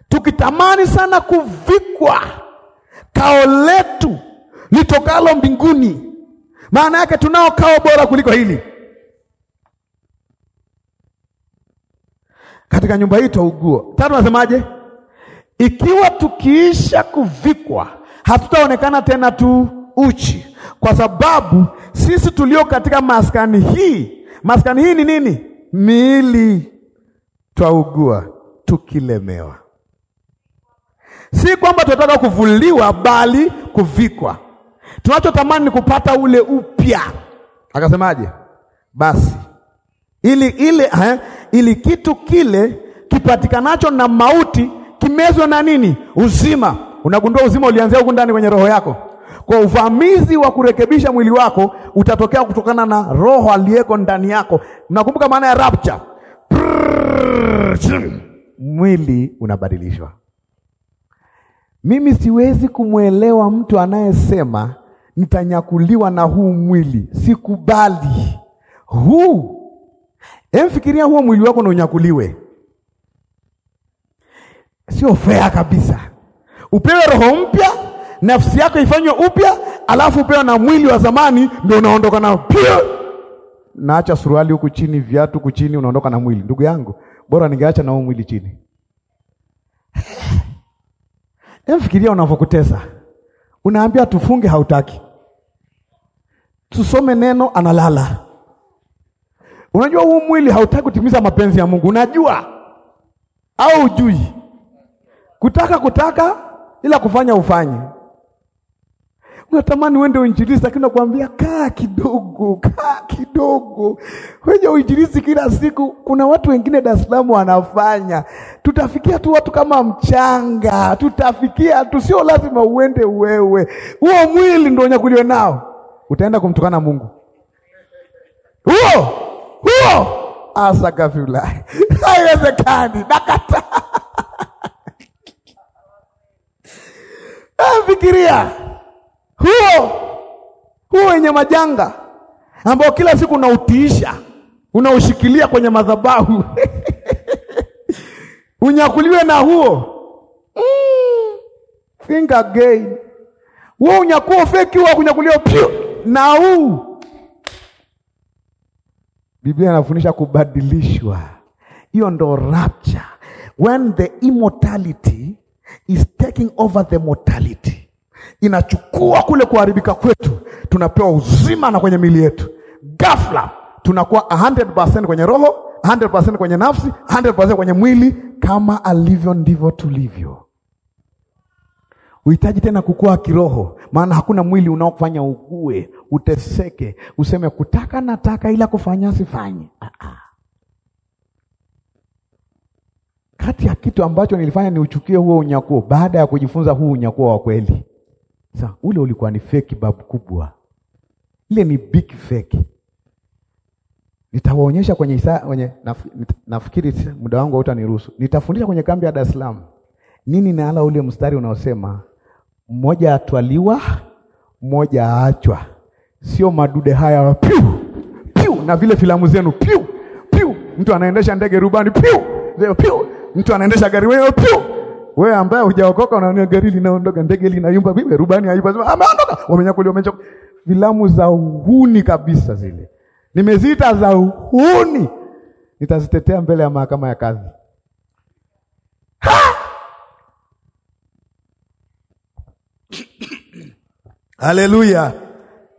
tukitamani sana kuvikwa kao letu litokalo mbinguni. Maana yake tunao kao bora kuliko hili. katika nyumba hii twaugua. Tatu nasemaje? Ikiwa tukiisha kuvikwa, hatutaonekana tena tu uchi, kwa sababu sisi tulio katika maskani hii, maskani hii ni nini? Miili twaugua tukilemewa. Si kwamba tunataka kuvuliwa, bali kuvikwa. Tunachotamani ni kupata ule upya. Akasemaje? Basi ili ile eh, ili kitu kile kipatikanacho na mauti kimezwe na nini? Uzima. Unagundua uzima ulianzia huku ndani kwenye roho yako. Kwa uvamizi wa kurekebisha mwili wako utatokea kutokana na roho aliyeko ndani yako. Mnakumbuka maana ya rapture? Mwili unabadilishwa. Mimi siwezi kumwelewa mtu anayesema nitanyakuliwa na huu mwili, sikubali huu Hebu fikiria huo mwili wako na unyakuliwe, sio fair kabisa. Upewe roho mpya, nafsi yako ifanywe upya, alafu upewe na mwili wa zamani, ndio unaondoka nao pia. Naacha suruali huku chini, viatu huku chini, unaondoka na mwili. Ndugu yangu, bora ningeacha na huo mwili chini. emfikiria fikiria unavyokutesa, unaambia tufunge, hautaki tusome neno, analala Unajua huu mwili hautaki kutimiza mapenzi ya Mungu, unajua au ujui? Kutaka kutaka, ila kufanya ufanye. Unatamani uende uinjilizi, lakini nakwambia kaa kidogo, kaa kidogo, wewe uinjilizi kila siku. Kuna watu wengine Dar es Salaam wanafanya, tutafikia tu watu kama mchanga, tutafikia tu, sio lazima uende wewe. Huo mwili ndio unyakuliwe nao, utaenda kumtukana Mungu huo huo asakafula haiwezekani, nakata ah, fikiria huo huo wenye majanga ambao kila siku unautiisha unaushikilia kwenye madhabahu unyakuliwe na huo mm. think again, huo unyakuo feki huo kunyakuliwa na huu Biblia inafundisha kubadilishwa. Hiyo ndo rapture, when the immortality is taking over the mortality, inachukua kule kuharibika kwetu, tunapewa uzima na kwenye mili yetu. Ghafla tunakuwa 100% kwenye roho 100% kwenye nafsi, 100% kwenye mwili, kama alivyo ndivyo tulivyo. Uhitaji tena kukua kiroho, maana hakuna mwili unaokufanya ugue uteseke, useme kutaka nataka ila kufanya sifanyi. Ah, ah. kati ya kitu ambacho nilifanya niuchukie huo unyakuo baada ya kujifunza huu unyakuo wa kweli. Sasa ule ulikuwa ni feki babu kubwa, ile ni big feki. Nitawaonyesha kwenye isa, kwenye naf, nafikiri muda wangu hautaniruhusu. Nitafundisha kwenye kambi ya Dar es Salaam nini naala ule mstari unaosema mmoja atwaliwa mmoja aachwa sio madude haya piu piu, na vile filamu zenu piu piu, mtu anaendesha ndege rubani piu piu, mtu anaendesha gari wewe piu. Wewe ambaye hujaokoka unaona gari linaondoka, ndege linayumba, vipi? rubani hayupo, sema ameondoka, wamenyakuliwa, wamenyakulia. Filamu za uhuni kabisa zile, nimeziita za uhuni, nitazitetea mbele ya mahakama ya kazi Haleluya!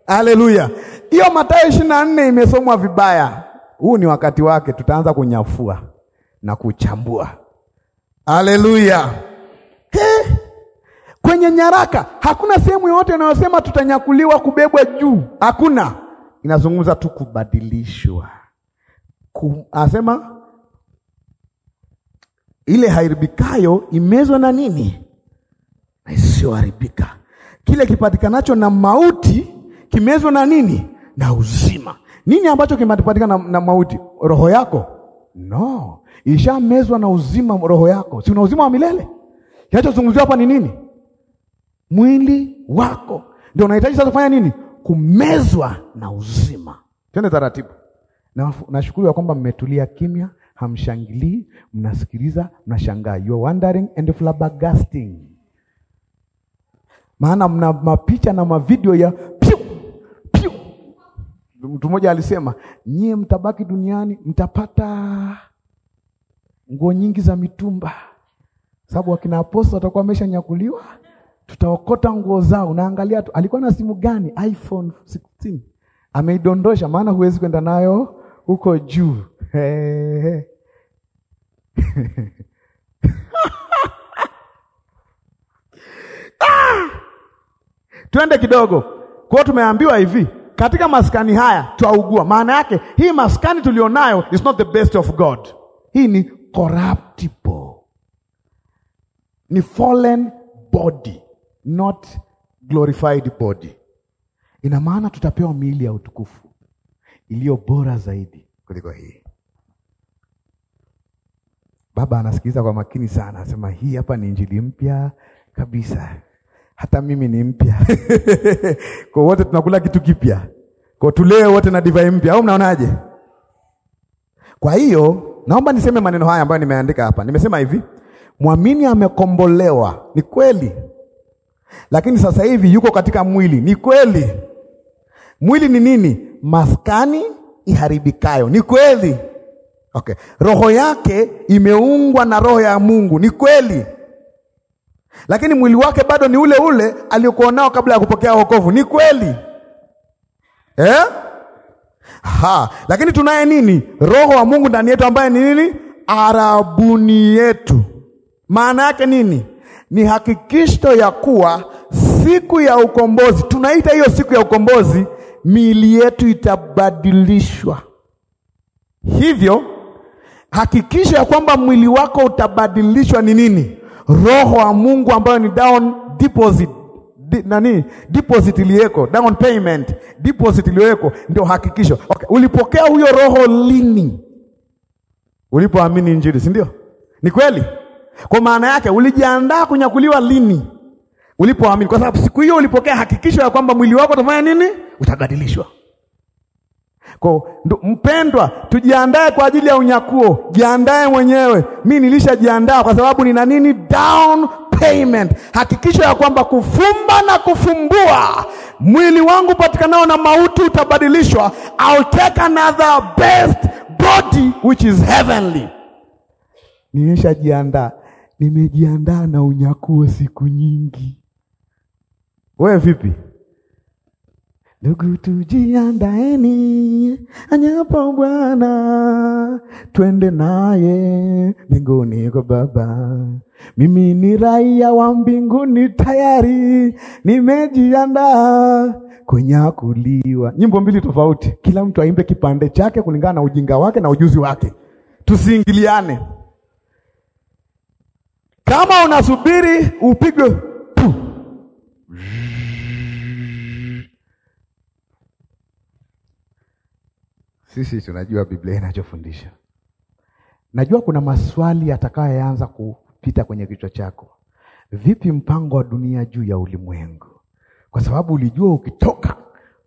Haleluya! Hiyo Mathayo ishirini na nne imesomwa vibaya. Huu ni wakati wake, tutaanza kunyafua na kuchambua. Haleluya! Kwenye nyaraka hakuna sehemu yoyote inayosema tutanyakuliwa, kubebwa juu, hakuna. Inazungumza tu kubadilishwa. Anasema ile hairibikayo imezwa na nini na isiyoharibika, kile kipatikanacho na mauti kimezwa na nini? Na uzima. Nini ambacho kimepatikana na, na mauti? Roho yako? No, ishamezwa na uzima. Roho yako si una uzima wa milele? Kinachozungumziwa hapa ni nini? Mwili wako ndio unahitaji sasa kufanya nini? Kumezwa na uzima. Twende taratibu. Nashukuru ya kwamba mmetulia kimya, hamshangilii, mnasikiliza, mnashangaa. You are wondering and flabbergasting, maana mna mapicha na mavideo ya Mtu mmoja alisema nyie mtabaki duniani, mtapata nguo nyingi za mitumba, sababu wakina aposto watakuwa nyakuliwa tutaokota nguo zao. Naangalia tu alikuwa na simu gani, iPhone 16 ameidondosha, maana huwezi kwenda nayo huko juu. ah! twende kidogo kwao, tumeambiwa hivi katika maskani haya twaugua. Maana yake hii maskani tulionayo is not the best of God. Hii ni corruptible, ni fallen body, not glorified body. Ina maana tutapewa miili ya utukufu iliyo bora zaidi kuliko hii. Baba anasikiliza kwa makini sana, anasema hii hapa ni injili mpya kabisa hata mimi ni mpya kwa wote tunakula kitu kipya, kwa tulee wote na divai mpya, au mnaonaje? Kwa hiyo naomba niseme maneno haya ambayo nimeandika hapa. Nimesema hivi, mwamini amekombolewa, ni kweli, lakini sasa hivi yuko katika mwili, ni kweli. Mwili ni nini? Maskani iharibikayo, ni kweli. Okay, roho yake imeungwa na roho ya Mungu, ni kweli lakini mwili wake bado ni ule ule aliokuwa nao kabla ya kupokea wokovu. Ni kweli eh? Ha, lakini tunaye nini? Roho wa Mungu ndani yetu ambaye ni nini? Arabuni yetu. Maana yake nini? Ni hakikisho ya kuwa siku ya ukombozi, tunaita hiyo siku ya ukombozi, miili yetu itabadilishwa. Hivyo hakikisho ya kwamba mwili wako utabadilishwa ni nini? roho wa Mungu ambayo ni down deposit di, nani deposit iliyeko, down payment deposit iliyoweko ndio hakikisho. Okay, ulipokea huyo roho lini? Ulipoamini Injili, si ndio? Ni kweli. Kwa maana yake ulijiandaa kunyakuliwa lini? Ulipoamini, kwa sababu siku hiyo ulipokea hakikisho ya kwamba mwili wako utafanya nini? Utabadilishwa. Kwa mpendwa, tujiandae kwa ajili ya unyakuo. Jiandae mwenyewe. Mimi nilishajiandaa kwa sababu nina nini? Down payment. Hakikisho ya kwamba kufumba na kufumbua mwili wangu patikanao na mauti utabadilishwa. I'll take another best body which is heavenly. Nimeshajiandaa, nimejiandaa na unyakuo siku nyingi. Wewe vipi? Ndugu, tujiandaeni anyapo Bwana, twende naye mbinguni kwa Baba. Mimi ni raia wa mbinguni tayari, nimejiandaa kunyakuliwa. Nyimbo mbili tofauti, kila mtu aimbe kipande chake kulingana na ujinga wake na ujuzi wake, tusiingiliane. Kama unasubiri upigwe Sisi tunajua Biblia inachofundisha. Najua kuna maswali yatakayoanza kupita kwenye kichwa chako. Vipi mpango wa dunia juu ya ulimwengu? Kwa sababu ulijua ukitoka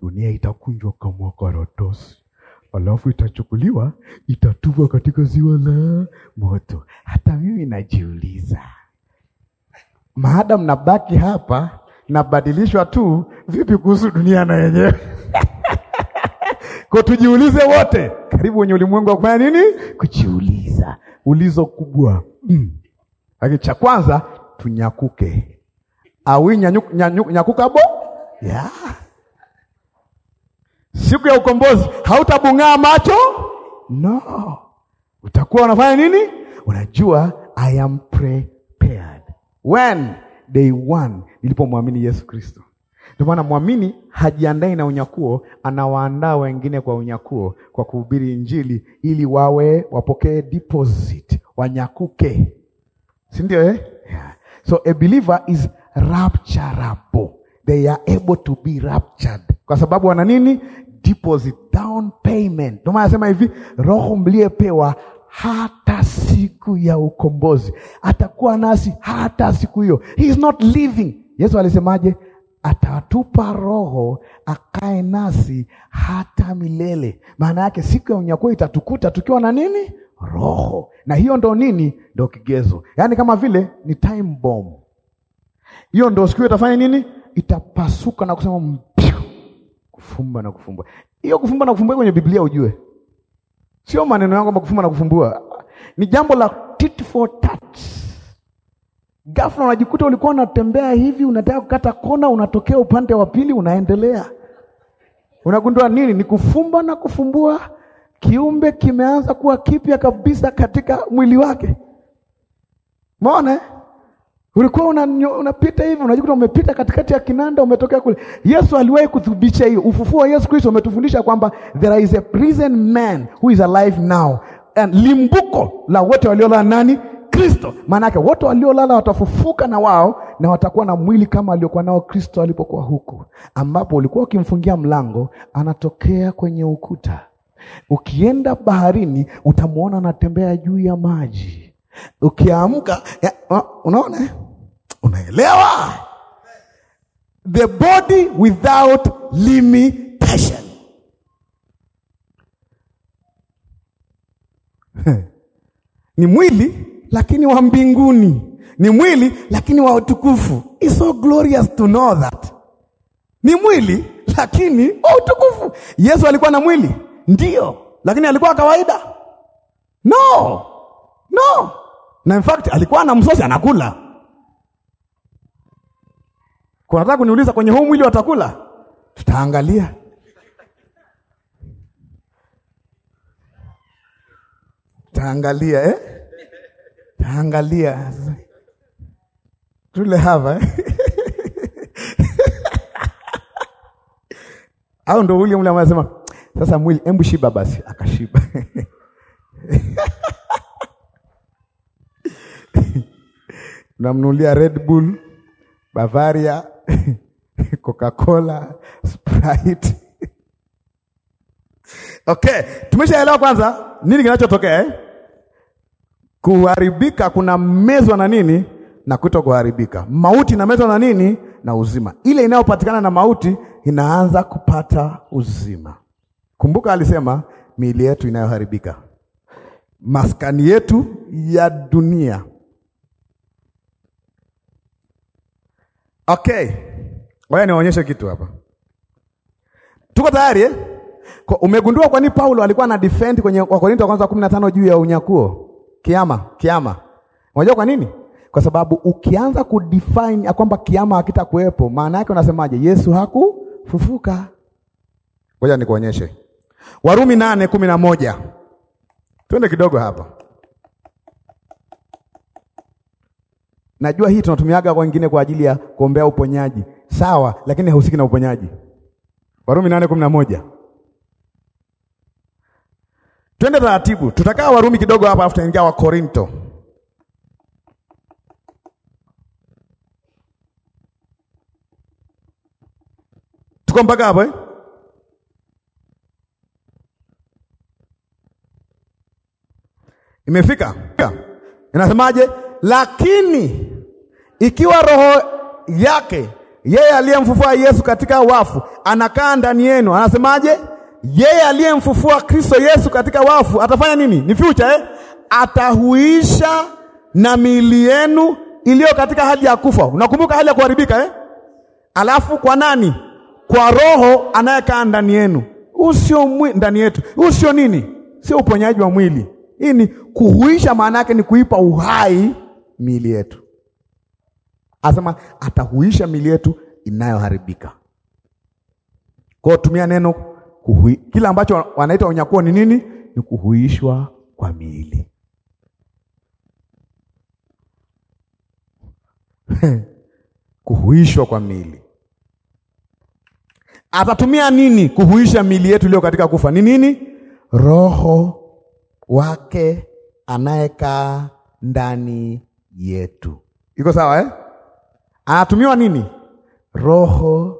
dunia itakunjwa kama karatasi, alafu itachukuliwa itatupwa katika ziwa la moto. Hata mimi najiuliza, maadamu nabaki hapa nabadilishwa tu, vipi kuhusu dunia na yenyewe? Kwa tujiulize wote, karibu wenye ulimwengu wa kufanya nini? Kujiuliza ulizo kubwa mm. Lakini cha kwanza tunyakuke, awi nyanyuk, nyakuka bo yeah. Siku ya ukombozi hautabung'aa macho no, utakuwa unafanya nini? Unajua I am prepared when day one nilipomwamini Yesu Kristo ndio maana mwamini hajiandai na unyakuo, anawaandaa wengine kwa unyakuo kwa kuhubiri Injili ili wawe wapokee deposit, wanyakuke, si ndio eh? Yeah. So a believer is rapturable, they are able to be raptured kwa sababu wana nini? Deposit, down payment. Ndio maana anasema hivi, roho mliyepewa hata siku ya ukombozi atakuwa nasi hata siku hiyo. He is not living. Yesu alisemaje? atatupa Roho akae nasi hata milele. Maana yake siku ya unyakuo itatukuta tukiwa na nini? Roho. Na hiyo ndo nini? Ndo kigezo, yaani kama vile ni time bomb. Hiyo ndo siku itafanya nini? Itapasuka na kusema mpiu, kufumba na kufumbua. Hiyo kufumba na kufumbua kwenye Biblia ujue, sio maneno yangu kwamba kufumba na kufumbua, ni jambo la tit for tat Ghafla unajikuta ulikuwa unatembea hivi, unataka kukata kona, unatokea upande wa pili, unaendelea. Unagundua nini? Ni kufumba na kufumbua. Kiumbe kimeanza kuwa kipya kabisa katika mwili wake. Umeona? Eh? Ulikuwa unapita hivi, unajikuta umepita katikati ya kinanda, umetokea kule. Yesu aliwahi kuthibitisha hiyo. Ufufuo wa Yesu Kristo umetufundisha kwamba there is a prison man who is alive now. And limbuko la wote waliolala nani? Kristo. Maana yake wote waliolala watafufuka na wao, na watakuwa na mwili kama aliokuwa nao Kristo alipokuwa huku, ambapo ulikuwa ukimfungia mlango, anatokea kwenye ukuta. Ukienda baharini, utamwona anatembea juu ya maji. Ukiamka unaona, unaelewa, the body without limitation ni mwili lakini wa mbinguni, ni mwili lakini wa utukufu. It's so glorious to know that ni mwili lakini wa utukufu. Yesu alikuwa na mwili ndio, lakini alikuwa kawaida? No, no. Na in fact alikuwa na msosi anakula. Kunataka kuniuliza kwenye huu mwili watakula? Tutaangalia. Tutaangalia eh? Angalia tule hapa au ndo William ule anasema sasa, mwili embu shiba basi, akashiba namnulia Red Bull, Bavaria, Coca-Cola, Sprite. Okay, tumeshaelewa kwanza nini kinachotokea eh? Kuharibika kuna mezwa na nini na kuto kuharibika. Mauti inamezwa na nini na uzima. Ile inayopatikana na mauti inaanza kupata uzima. Kumbuka alisema miili yetu inayoharibika, maskani yetu ya dunia. Okay, waya niwaonyeshe kitu hapa. Tuko tayari eh? Umegundua kwa nini Paulo alikuwa na defend kwenye wakorinto wa kwanza 15 juu ya unyakuo kiama, kiama. Unajua kwa nini? Kwa sababu ukianza kudefine kwamba kiama hakitakuwepo, maana yake unasemaje? Yesu hakufufuka. Ngoja nikuonyeshe Warumi nane kumi na moja. Twende kidogo hapa. Najua hii tunatumiaga kwa wengine kwa ajili ya kuombea uponyaji, sawa, lakini hausiki na uponyaji. Warumi nane kumi na moja. Twende taratibu, tutakaa Warumi kidogo hapa, afu tunaingia wa Korinto. Tuko mpaka hapo eh? Imefika, inasemaje? Lakini ikiwa roho yake yeye aliyemfufua Yesu katika wafu anakaa ndani yenu, anasemaje? yeye aliyemfufua Kristo Yesu katika wafu atafanya nini? Ni future eh? Atahuisha na miili yenu iliyo katika hali ya kufa. Unakumbuka hali ya kuharibika eh? Alafu kwa nani? Kwa Roho anayekaa ndani yenu, usio ndani yetu, usio nini? Sio uponyaji wa mwili. Hii ni kuhuisha, maana yake ni kuipa uhai miili yetu. Asema atahuisha miili yetu inayoharibika. Kwa tumia neno kuhui, kila ambacho wanaita unyakuo ni nini? Ni kuhuishwa kwa miili kuhuishwa kwa miili. Atatumia nini kuhuisha miili yetu iliyo katika kufa? Ni nini? Roho wake anayekaa ndani yetu. Iko sawa eh? Anatumiwa nini? Roho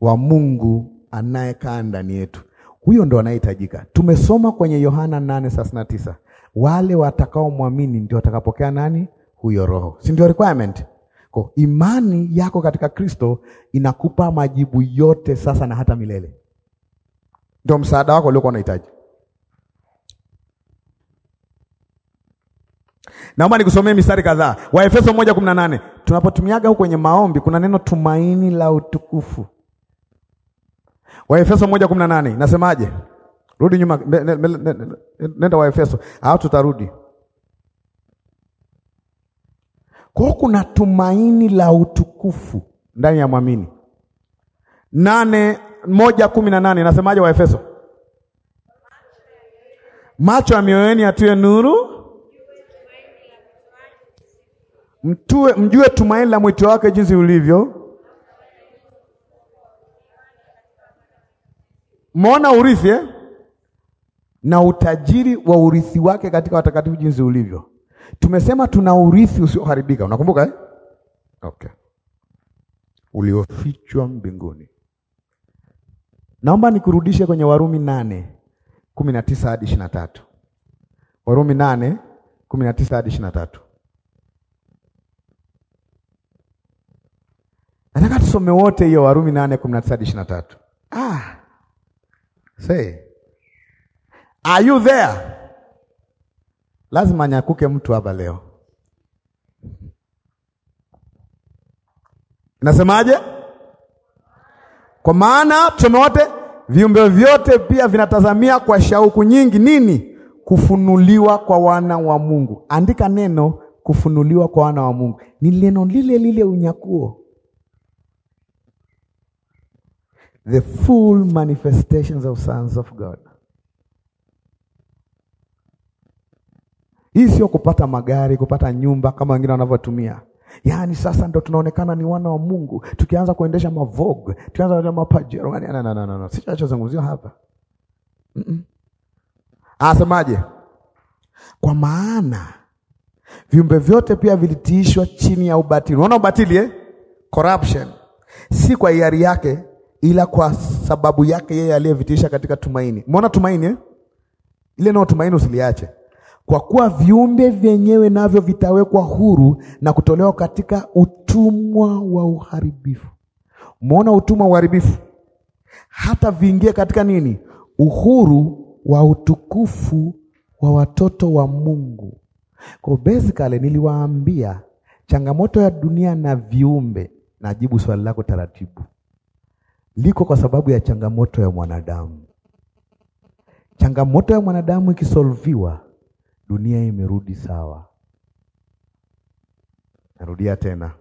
wa Mungu anayekaa ndani yetu, huyo ndo anayehitajika. Tumesoma kwenye Yohana 8:39 wale watakaomwamini ndio watakapokea nani? Huyo Roho, si ndio requirement? Kwa imani yako katika Kristo inakupa majibu yote sasa na hata milele. Ndio msaada wako uliokuwa unahitaji. Naomba nikusomee mistari kadhaa. Waefeso 1:18. Tunapotumiaga huko kwenye maombi kuna neno tumaini la utukufu. Waefeso 1:18 nasemaje? Rudi nyuma, nenda Waefeso au tutarudi kwa. Kuna tumaini la utukufu ndani ya mwamini. nane moja kumi na nane nasemaje? Waefeso, macho ya mioyoni atue nuru, mtue mjue tumaini la mwito wake jinsi ulivyo Mwona urithi eh? na utajiri wa urithi wake katika watakatifu jinsi ulivyo. Tumesema tuna urithi usioharibika, unakumbuka eh? Okay, uliofichwa mbinguni. Naomba nikurudishe kwenye Warumi nane kumi na tisa hadi ishirini na tatu. Warumi nane kumi na tisa hadi ishirini na tatu. Nataka tusome wote hiyo Warumi nane kumi na tisa hadi ishirini na tatu. Ah. Say, are you there? Lazima nyakuke mtu hapa leo. Nasemaje? Kwa maana tuseme wote, viumbe vyote pia vinatazamia kwa shauku nyingi nini? Kufunuliwa kwa wana wa Mungu. Andika neno kufunuliwa kwa wana wa Mungu, ni neno lile lile unyakuo the full manifestations of sons of God. Hii sio kupata magari, kupata nyumba kama wengine wanavyotumia. Yaani sasa ndo tunaonekana ni wana wa Mungu, tukianza kuendesha mavog, tukianza kuendesha mapajero. Na yaani na na na, sichachozungumziwa hapa. Mm -mm. Asemaje? Kwa maana viumbe vyote pia vilitiishwa chini ya ubatili. Unaona ubatili eh? Corruption. Si kwa hiari yake ila kwa sababu yake yeye aliyevitisha katika tumaini. Umeona tumaini eh? Ile nao tumaini usiliache, kwa kuwa viumbe vyenyewe navyo vitawekwa huru na kutolewa katika utumwa wa uharibifu. Umeona utumwa wa uharibifu, hata viingie katika nini? Uhuru wa utukufu wa watoto wa Mungu. Kwa basically, niliwaambia changamoto ya dunia na viumbe. Najibu swali lako taratibu liko kwa sababu ya changamoto ya mwanadamu. Changamoto ya mwanadamu ikisolviwa, dunia imerudi sawa. Narudia tena,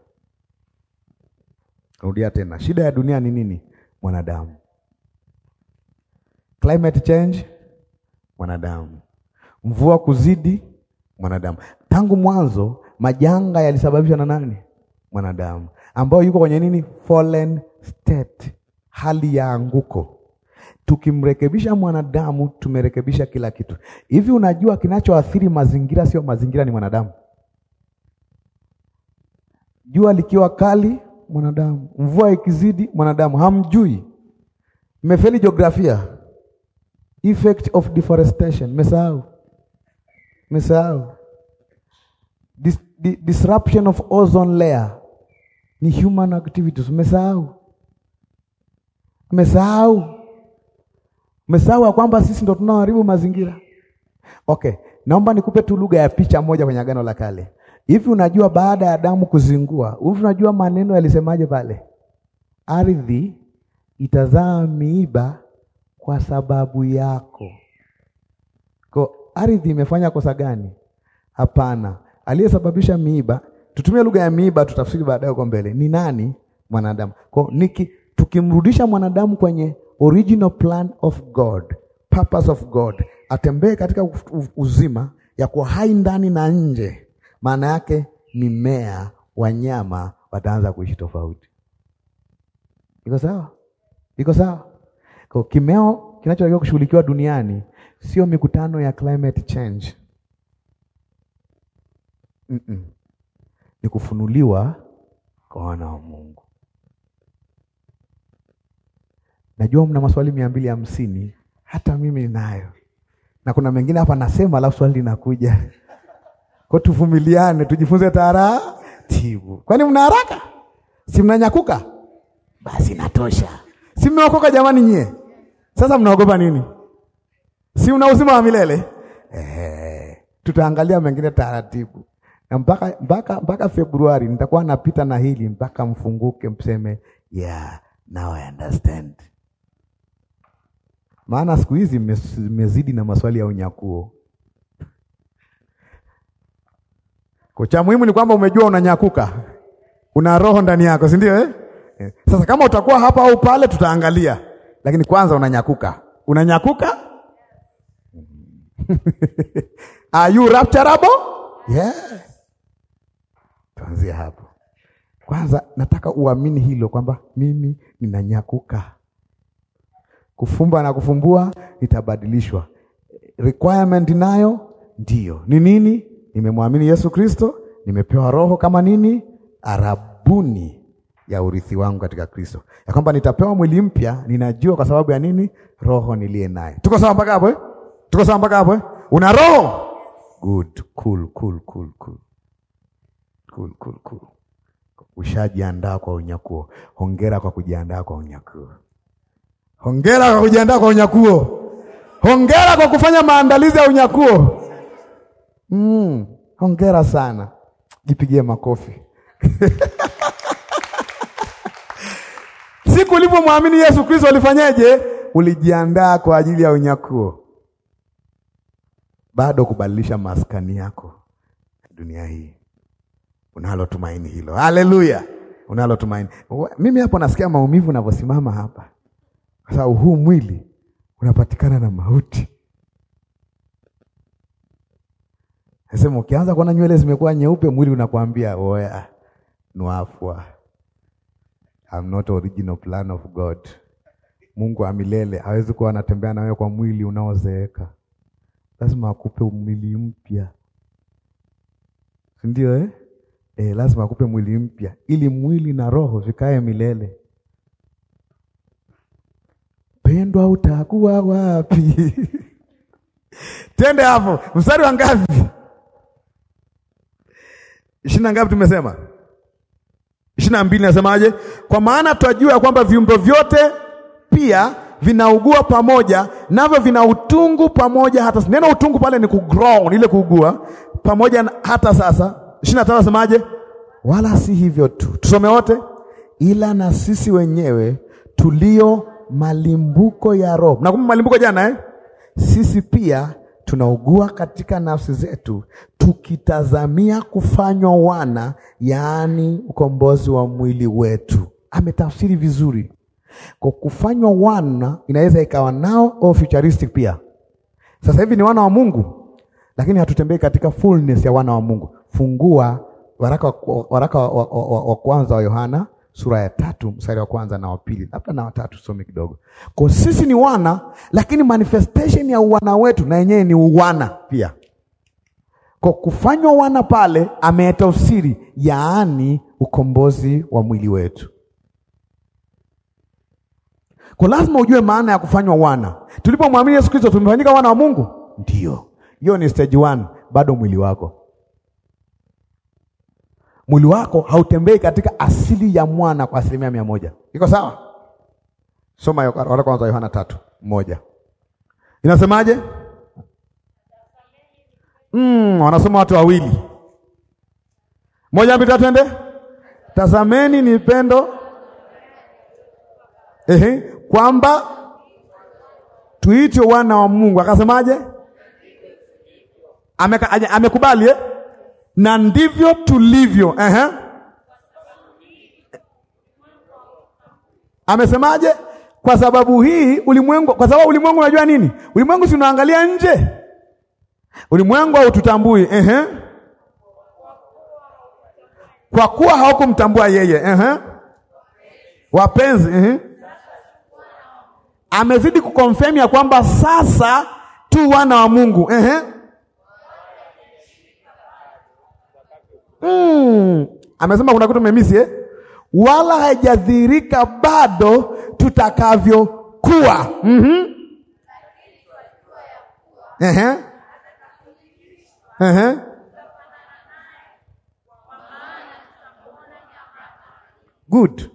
narudia tena, shida ya dunia ni nini? Mwanadamu. Climate change, mwanadamu. Mvua kuzidi, mwanadamu. Tangu mwanzo majanga yalisababishwa na nani? Mwanadamu, ambayo yuko kwenye nini? Fallen state hali ya anguko. Tukimrekebisha mwanadamu, tumerekebisha kila kitu. Hivi unajua kinachoathiri mazingira sio mazingira, ni mwanadamu. Jua likiwa kali, mwanadamu. Mvua ikizidi, mwanadamu. Hamjui, mmefeli jiografia. Effect of deforestation, mmesahau, mmesahau. Dis disruption of ozone layer ni human activities, mmesahau Amesahau, umesahau ya kwamba sisi ndo tunaharibu mazingira. Okay, naomba nikupe tu lugha ya picha moja kwenye Agano la Kale. Hivi unajua baada ya Adamu kuzingua, hivi unajua maneno yalisemaje pale? Ardhi itazaa miiba kwa sababu yako. Kwa ardhi imefanya kosa gani? Hapana, aliyesababisha miiba, tutumie lugha ya miiba, tutafsiri baadaye kwa mbele, ni nani? Mwanadamu. Kwa niki tukimrudisha mwanadamu kwenye original plan of God, purpose of God, atembee katika uzima ya kuwa hai ndani na nje, maana yake mimea, wanyama wataanza kuishi tofauti. Iko sawa? Iko sawa? Kwa kimeo kinachotakiwa kushughulikiwa duniani sio mikutano ya climate change. Mm -mm. Ni kufunuliwa kwa wana wa Mungu. Najua mna maswali mia mbili hamsini, hata mimi ninayo, na kuna mengine hapa nasema alafu swali linakuja kwa, tuvumiliane, tujifunze taratibu. Kwani mna haraka? Si mnanyakuka? Basi natosha, si mmeokoka jamani? Nyie sasa mnaogopa nini? Si una uzima wa milele eh? Tutaangalia mengine taratibu na mpaka mpaka mpaka Februari nitakuwa napita na hili mpaka mfunguke, mseme yeah now I understand. Maana siku hizi mmezidi na maswali ya unyakuo. cha muhimu ni kwamba umejua unanyakuka, una roho ndani yako, si ndio eh? eh. Sasa kama utakuwa hapa au pale, tutaangalia, lakini kwanza unanyakuka, unanyakuka Are you rapturable? Yeah. Tuanzie hapo kwanza, nataka uamini hilo kwamba mimi ninanyakuka Kufumba na kufumbua itabadilishwa. Requirement nayo ndio ni nini? Nimemwamini Yesu Kristo, nimepewa roho kama nini? Arabuni ya urithi wangu katika Kristo, ya kwamba nitapewa mwili mpya. Ninajua kwa sababu ya nini? Roho niliye naye. Tuko sawa mpaka hapo eh? Tuko sawa mpaka hapo eh? Una roho good, cool, cool, cool, cool. Cool, cool, cool. Ushajiandaa kwa unyakuo. Hongera kwa kujiandaa kwa unyakuo. Hongera kwa kujiandaa kwa unyakuo. Hongera kwa kufanya maandalizi ya unyakuo. Mm, hongera sana. Jipigie makofi. Siku ulipomwamini Yesu Kristo ulifanyaje? Ulijiandaa kwa ajili ya unyakuo. Bado kubadilisha maskani yako dunia hii. Unalo tumaini hilo. Haleluya. Unalo tumaini. Mimi hapo nasikia maumivu navyosimama hapa kwa sababu huu mwili unapatikana na mauti. Nasema ukianza kuona nywele zimekuwa nyeupe, mwili unakwambia oya, nuafwa. I'm not original plan of God. Mungu wa milele hawezi kuwa anatembea na wewe kwa mwili unaozeeka, lazima akupe mwili mpya, ndio eh? Eh, lazima akupe mwili mpya ili mwili na roho vikae milele. Mpendwa, utakuwa wapi? Tende hapo, mstari wa ngapi? ishirini na ngapi? Tumesema ishirini na mbili. Nasemaje? Kwa maana twajua kwamba viumbe vyote pia vinaugua pamoja, navyo vina utungu pamoja hata neno utungu pale ni kugroan, ile kuugua pamoja hata sasa. ishirini na tano. Nasemaje? Wala si hivyo tu, tusome wote, ila na sisi wenyewe tulio malimbuko ya Roho. Mnakumbuka malimbuko jana eh? Sisi pia tunaugua katika nafsi zetu tukitazamia kufanywa wana, yaani ukombozi wa mwili wetu. Ametafsiri vizuri kwa kufanywa wana, inaweza ikawa nao au futuristic pia. Sasa hivi ni wana wa Mungu, lakini hatutembei katika fullness ya wana wa Mungu. Fungua waraka wa kwanza wa Yohana sura ya tatu mstari wa kwanza na wa pili labda na watatu, some kidogo. Kwa sisi ni wana, lakini manifestation ya uwana wetu na yenyewe ni uwana pia. Kwa kufanywa wana pale ameeta usiri yaani ukombozi wa mwili wetu. Kwa lazima ujue maana ya kufanywa wana. Tulipomwamini Yesu Kristo tumefanyika wana wa Mungu, ndio hiyo ni stage 1, bado mwili wako mwili wako hautembei katika asili ya mwana kwa asilimia mia moja. Iko sawa? Soma hiyo wala kwanza Yohana tatu moja inasemaje? Mm, wanasoma watu wawili, moja mbili tatu, ende tazameni ni pendo ehe, kwamba tuitwe wana wa Mungu. Akasemaje? Amekubali ame eh? na ndivyo tulivyo. Aha. Amesemaje? Kwa sababu hii ulimwengu, kwa sababu ulimwengu unajua nini? Ulimwengu si unaangalia nje, ulimwengu haututambui. Ehe, kwa kuwa haukumtambua yeye. Ehe, wapenzi. Ehe, amezidi kukonfirm ya kwamba sasa tu wana wa Mungu. Ehe. mm. Amesema kuna kitu memisi eh? Wala haijadhirika bado tutakavyokuwa mm -hmm. Uh -huh. Good.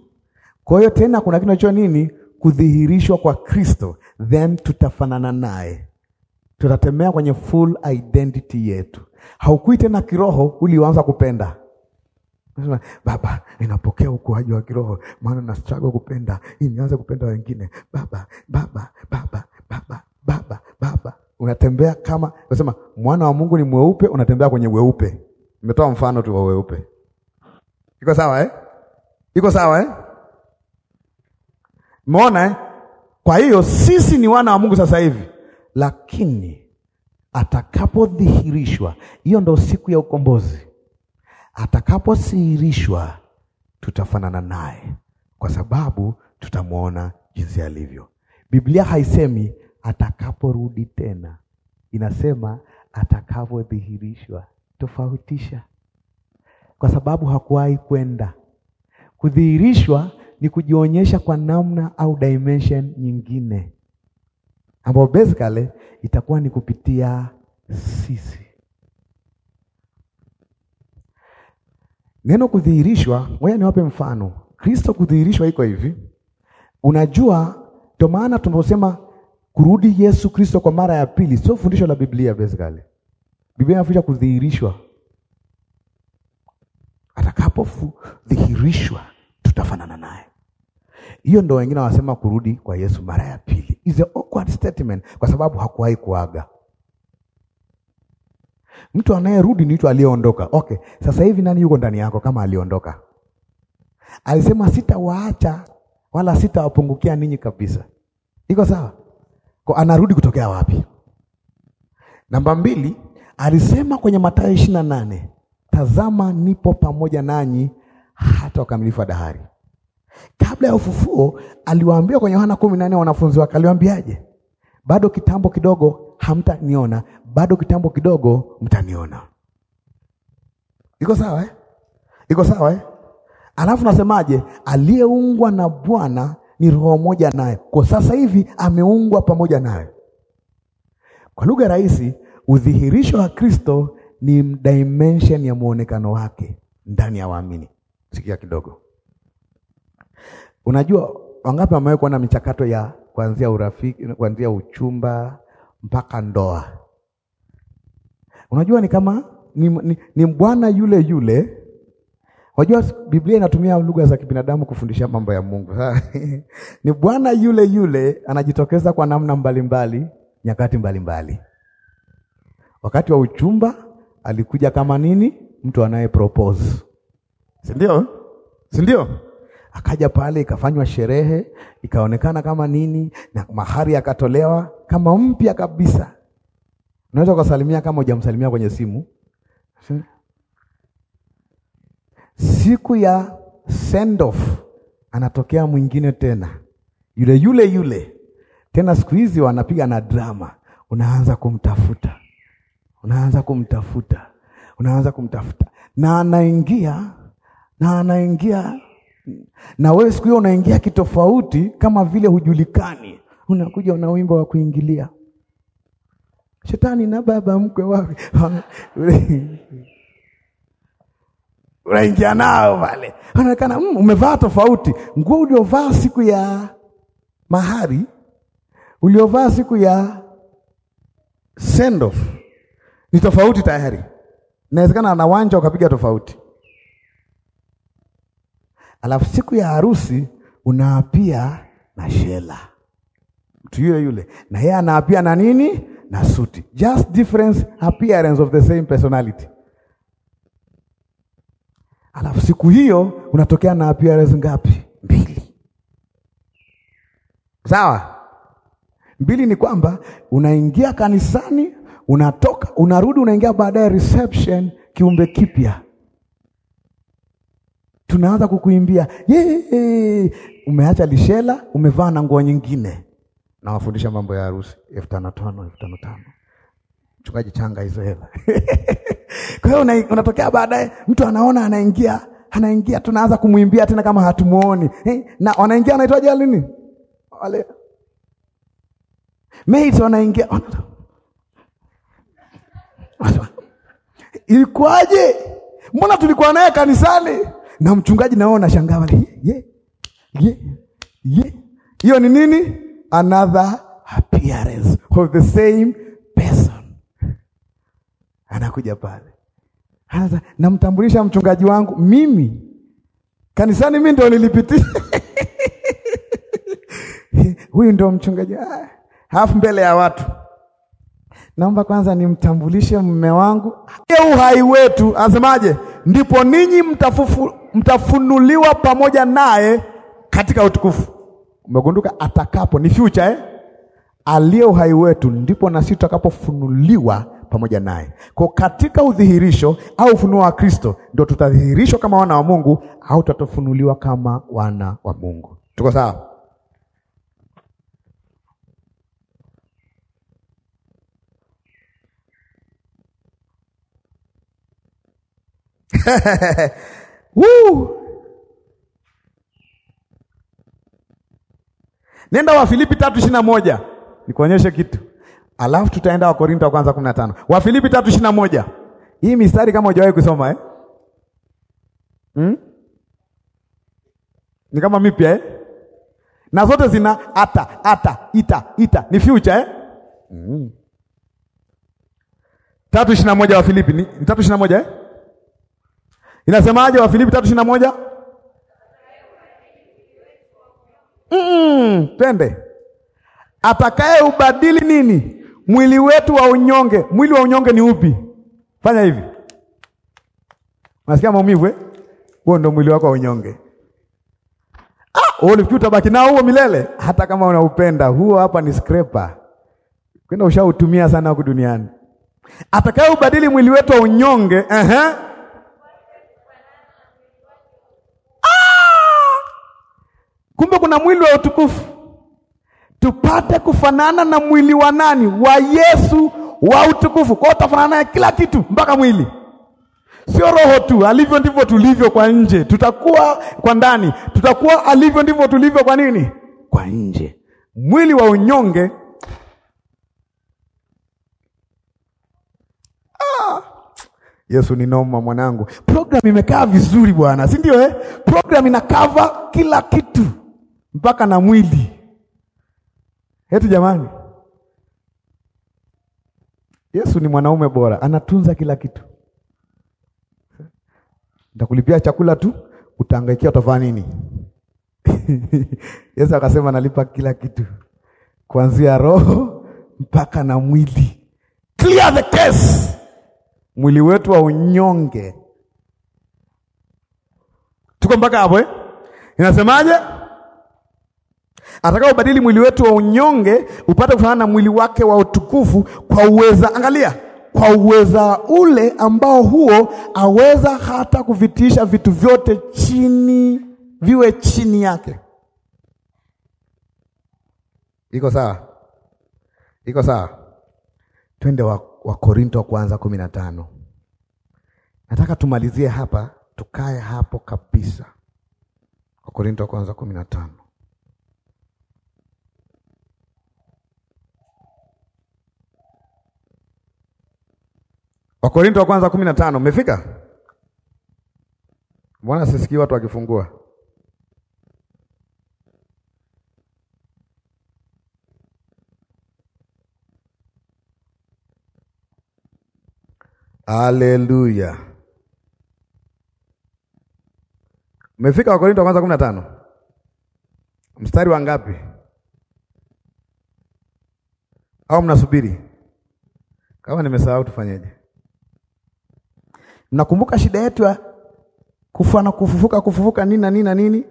Kwa hiyo tena kuna kinacho nini kudhihirishwa kwa Kristo, then tutafanana naye, tutatemea kwenye full identity yetu haukui tena kiroho, ulianza kupenda. Nasema, Baba, ninapokea ukuaji wa kiroho, maana na struggle kupenda, nianze kupenda wengine. Baba, baba, baba, baba, baba, baba. Unatembea kama unasema mwana wa Mungu ni mweupe, unatembea kwenye weupe. Nimetoa mfano tu wa weupe. Iko sawa eh? Iko sawa eh? Umeona eh? Kwa hiyo sisi ni wana wa Mungu sasa hivi, lakini atakapodhihirishwa. Hiyo ndo siku ya ukombozi. atakaposihirishwa tutafanana naye kwa sababu tutamwona jinsi alivyo. Biblia haisemi atakaporudi tena, inasema atakavyodhihirishwa. Tofautisha, kwa sababu hakuwahi kwenda. Kudhihirishwa ni kujionyesha kwa namna au dimension nyingine ambayo basically itakuwa ni kupitia sisi. Neno kudhihirishwa, ngoja niwape mfano. Kristo kudhihirishwa iko hivi. Unajua, ndio maana tunaposema kurudi Yesu Kristo kwa mara ya pili, sio fundisho la Biblia basically. Biblia inafundisha kudhihirishwa, dhihirishwa tutafanana naye. Hiyo ndo wengine wanasema kurudi kwa Yesu mara ya pili is a awkward statement, kwa sababu hakuwahi kuaga. Mtu anayerudi ni mtu aliyeondoka. Okay, sasa hivi nani yuko ndani yako? Kama aliondoka, alisema sitawaacha wala sitawapungukia ninyi kabisa. Iko sawa? Kwa anarudi kutokea wapi? Namba mbili, alisema kwenye Mathayo ishirini na nane, tazama nipo pamoja nanyi hata ukamilifu wa dahari. Kabla ya ufufuo aliwaambia kwenye Yohana kumi na nne wanafunzi wake aliwaambiaje? Bado kitambo kidogo hamtaniona, bado kitambo kidogo mtaniona. Iko sawa eh? Iko sawa eh? Alafu nasemaje? Aliyeungwa na Bwana ni roho moja naye, kwa sasa hivi ameungwa pamoja naye. Kwa lugha rahisi, udhihirisho wa Kristo ni dimension ya mwonekano wake ndani ya waamini. Sikia kidogo Unajua wangapi wamewahi kuona michakato ya kuanzia urafiki, kuanzia uchumba mpaka ndoa? Unajua ni kama ni, ni, ni bwana yule yule. Unajua Biblia inatumia lugha za kibinadamu kufundisha mambo ya Mungu. Ni bwana yule yule anajitokeza kwa namna mbalimbali mbali, nyakati mbalimbali mbali. Wakati wa uchumba alikuja kama nini? Mtu anaye propose, si ndio? Si ndio? Akaja pale ikafanywa sherehe, ikaonekana kama nini, na mahari akatolewa kama mpya kabisa. Unaweza ukasalimia kama hujamsalimia kwenye simu. Siku ya send off anatokea mwingine tena, yule yule yule tena. Siku hizi wanapiga na drama, unaanza kumtafuta, unaanza kumtafuta, unaanza kumtafuta na anaingia na anaingia na wewe siku hiyo unaingia kitofauti, kama vile hujulikani, unakuja una wimbo wa kuingilia shetani na baba mkwe wapi unaingia nao pale, unaonekana mm, umevaa tofauti. Nguo uliovaa siku ya mahari, uliovaa siku ya send off ni tofauti tayari. Inawezekana anawanja ukapiga tofauti alafu siku ya harusi unaapia na shela, mtu yule yule, na yeye anaapia na nini? Na suti. Just difference appearance of the same personality. Alafu siku hiyo unatokea na appearance ngapi? Mbili. Sawa, mbili ni kwamba unaingia kanisani, unatoka, unarudi, unaingia baadaye reception, kiumbe kipya tunaanza kukuimbia yeye, umeacha lishela, umevaa na nguo nyingine. Nawafundisha mambo ya harusi elfu tano tano elfu tano tano mchungaji, changa hizo hela kwa hiyo unatokea baadaye, mtu anaona anaingia anaingia, tunaanza kumwimbia tena kama hatumuoni hey, eh, na wanaingia wanaitwaje wale nini wale mate wanaingia ilikuwaje? Mbona tulikuwa naye kanisani? na mchungaji nao anashangaa wale, ye ye ye, hiyo ni nini? Another appearance of the same person. Anakuja pale Anaza, namtambulisha mchungaji wangu mimi kanisani, mimi ndio nilipitia huyu ndio mchungaji, ah, halafu mbele ya watu naomba kwanza nimtambulishe mume wangu. Uhai wetu anasemaje? Ndipo ninyi mtafufu mtafunuliwa pamoja naye katika utukufu. Umegunduka, atakapo ni future eh? aliye uhai wetu, ndipo na sisi tutakapofunuliwa pamoja naye. Kwa katika udhihirisho au ufunuo wa Kristo ndio tutadhihirishwa kama wana wa Mungu au tutafunuliwa kama wana wa Mungu. Tuko sawa? Woo! Nenda wa Filipi 3:21. nikuonyeshe kitu, alafu tutaenda wa Korinto wa kwanza 15. wa Filipi 3:21. Hii mistari kama hujawahi kusoma eh? hmm? ni kama mipya eh? na zote zina ata ata ita ita ni future eh? mm. 3:21 wa Filipi ni 3:21 eh? Inasemaje Wafilipi 3:21? Mm, twende. Atakaye ubadili nini? Mwili wetu wa unyonge. Mwili wa unyonge ni upi? Fanya hivi. Unasikia maumivu eh? Huo ndio mwili wako wa unyonge. Ah, ulifikiri utabaki nao huo milele hata kama unaupenda. Huo hapa ni scraper. Kwenda ushautumia sana huko duniani. Atakaye ubadili mwili wetu wa unyonge, eh uh -huh. Kumbe kuna mwili wa utukufu, tupate kufanana na mwili wa nani? Wa Yesu wa utukufu. Kwa utafanana kila kitu, mpaka mwili, sio roho tu. Alivyo ndivyo tulivyo kwa nje, tutakuwa kwa ndani, tutakuwa alivyo ndivyo tulivyo kwa nini, kwa nje. Mwili wa unyonge ah! Yesu ni noma mwanangu. Program imekaa vizuri bwana, si ndio eh? Program ina cover kila kitu mpaka na mwili. Eti jamani, Yesu ni mwanaume bora, anatunza kila kitu. Nitakulipia chakula tu, utahangaikia utafanya nini? Yesu akasema nalipa kila kitu, kuanzia roho mpaka na mwili. Clear the case. Mwili wetu wa unyonge, tuko mpaka hapo eh? Inasemaje? Ataka ubadili mwili wetu wa unyonge upate kufanana na mwili wake wa utukufu kwa uweza, angalia, kwa uweza ule ambao huo aweza hata kuvitisha vitu vyote chini viwe chini yake. Iko sawa? Iko sawa? Twende Wakorinto wa kwanza kumi na tano. Nataka tumalizie hapa, tukae hapo kabisa. Wakorinto wa kwanza kumi na tano. Wakorinto wa kwanza kumi na tano mmefika? mbona sisikii watu wakifungua. Haleluya. Mmefika Wakorinto wa kwanza kumi na tano mstari wa ngapi? Au mnasubiri? Kama nimesahau tufanyeje? Mnakumbuka shida yetu ya kufa na kufufuka, kufufuka nini na nini na nini?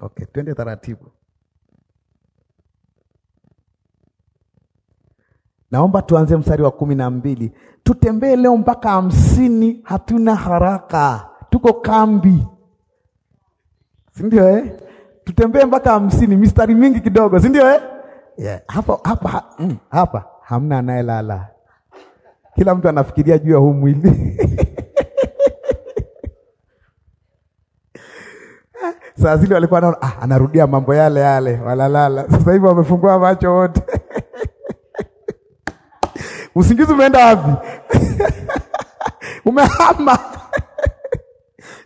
Okay, twende taratibu. Naomba tuanze mstari wa kumi na mbili. Tutembee leo mpaka hamsini, hatuna haraka, tuko kambi, si ndio eh? Tutembee mpaka hamsini, mistari mingi kidogo, si ndio eh? Yeah. Hapa hapa, mm, hapa hamna anayelala kila mtu anafikiria juu ya huu mwili saa zile walikuwa naona ah, anarudia mambo yale yale, walalala. Sasa hivi wamefungua macho wote usingizi umeenda wapi? umehama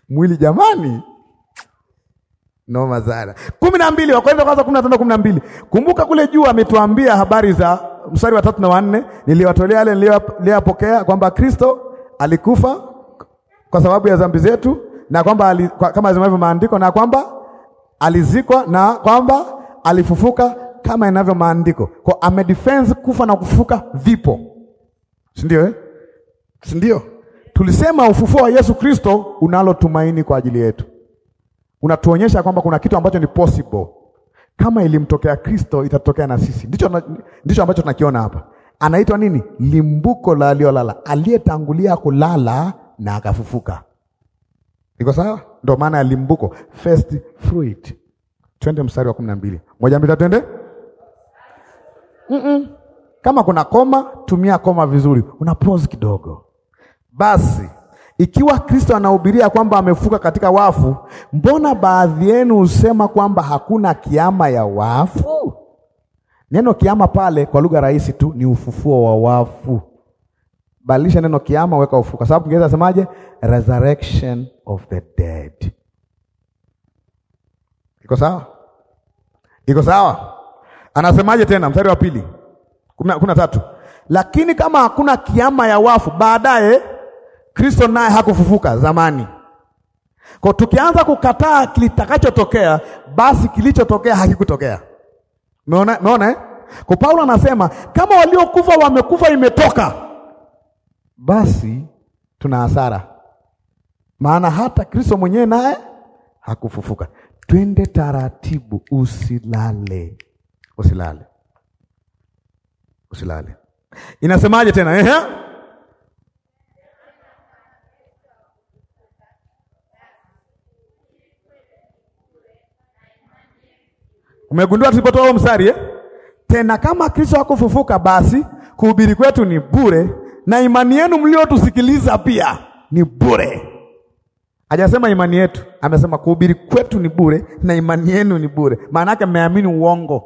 mwili jamani, noma sana. kumi na mbili Wakorintho kwanza kumi na tano kumi na mbili Kumbuka kule juu ametuambia habari za mstari wa tatu na wanne niliwatolea yale niliyopokea kwamba Kristo alikufa kwa sababu ya dhambi zetu na kwamba kwa, kama zisemavyo maandiko na kwamba alizikwa na kwamba alifufuka kama inavyo maandiko. Kwa ame defense kufa na kufufuka vipo, si ndio eh? Si ndio? Tulisema ufufuo wa Yesu Kristo unalo tumaini kwa ajili yetu, unatuonyesha kwamba kuna kitu ambacho ni possible kama ilimtokea Kristo itatokea na sisi. Ndicho, ndicho ambacho tunakiona hapa. Anaitwa nini? Limbuko la aliyolala, aliyetangulia kulala na akafufuka. Iko sawa? Ndio maana ya limbuko, first fruit. Twende mstari wa kumi na mbili. Moja mbili twende. mm -mm. Kama kuna koma tumia koma vizuri, una pause kidogo. Basi ikiwa Kristo anahubiria kwamba amefuka katika wafu, mbona baadhi yenu husema kwamba hakuna kiama ya wafu? Neno kiama pale kwa lugha rahisi tu ni ufufuo wa wafu. Badilisha neno kiama, weka ufufuo, kwa sababu Kiingereza semaje? Resurrection of the dead. Iko sawa? Iko sawa? Anasemaje tena mstari wa pili kumi na tatu, lakini kama hakuna kiama ya wafu, baadaye Kristo naye hakufufuka zamani. Kwa tukianza kukataa kilitakachotokea, basi kilichotokea hakikutokea. Umeona? Umeona eh? Kwa Paulo anasema kama waliokufa wamekufa, imetoka basi tuna hasara, maana hata Kristo mwenyewe naye hakufufuka. Twende taratibu, usilale, usilale, usilale. Inasemaje tena? Ehe. Umegundua tulipotoa huo mstari eh? Tena kama Kristo hakufufuka, basi kuhubiri kwetu ni bure na imani yenu mliotusikiliza pia ni bure. Hajasema imani yetu, amesema kuhubiri kwetu ni bure na imani yenu ni bure. Maana yake mmeamini uongo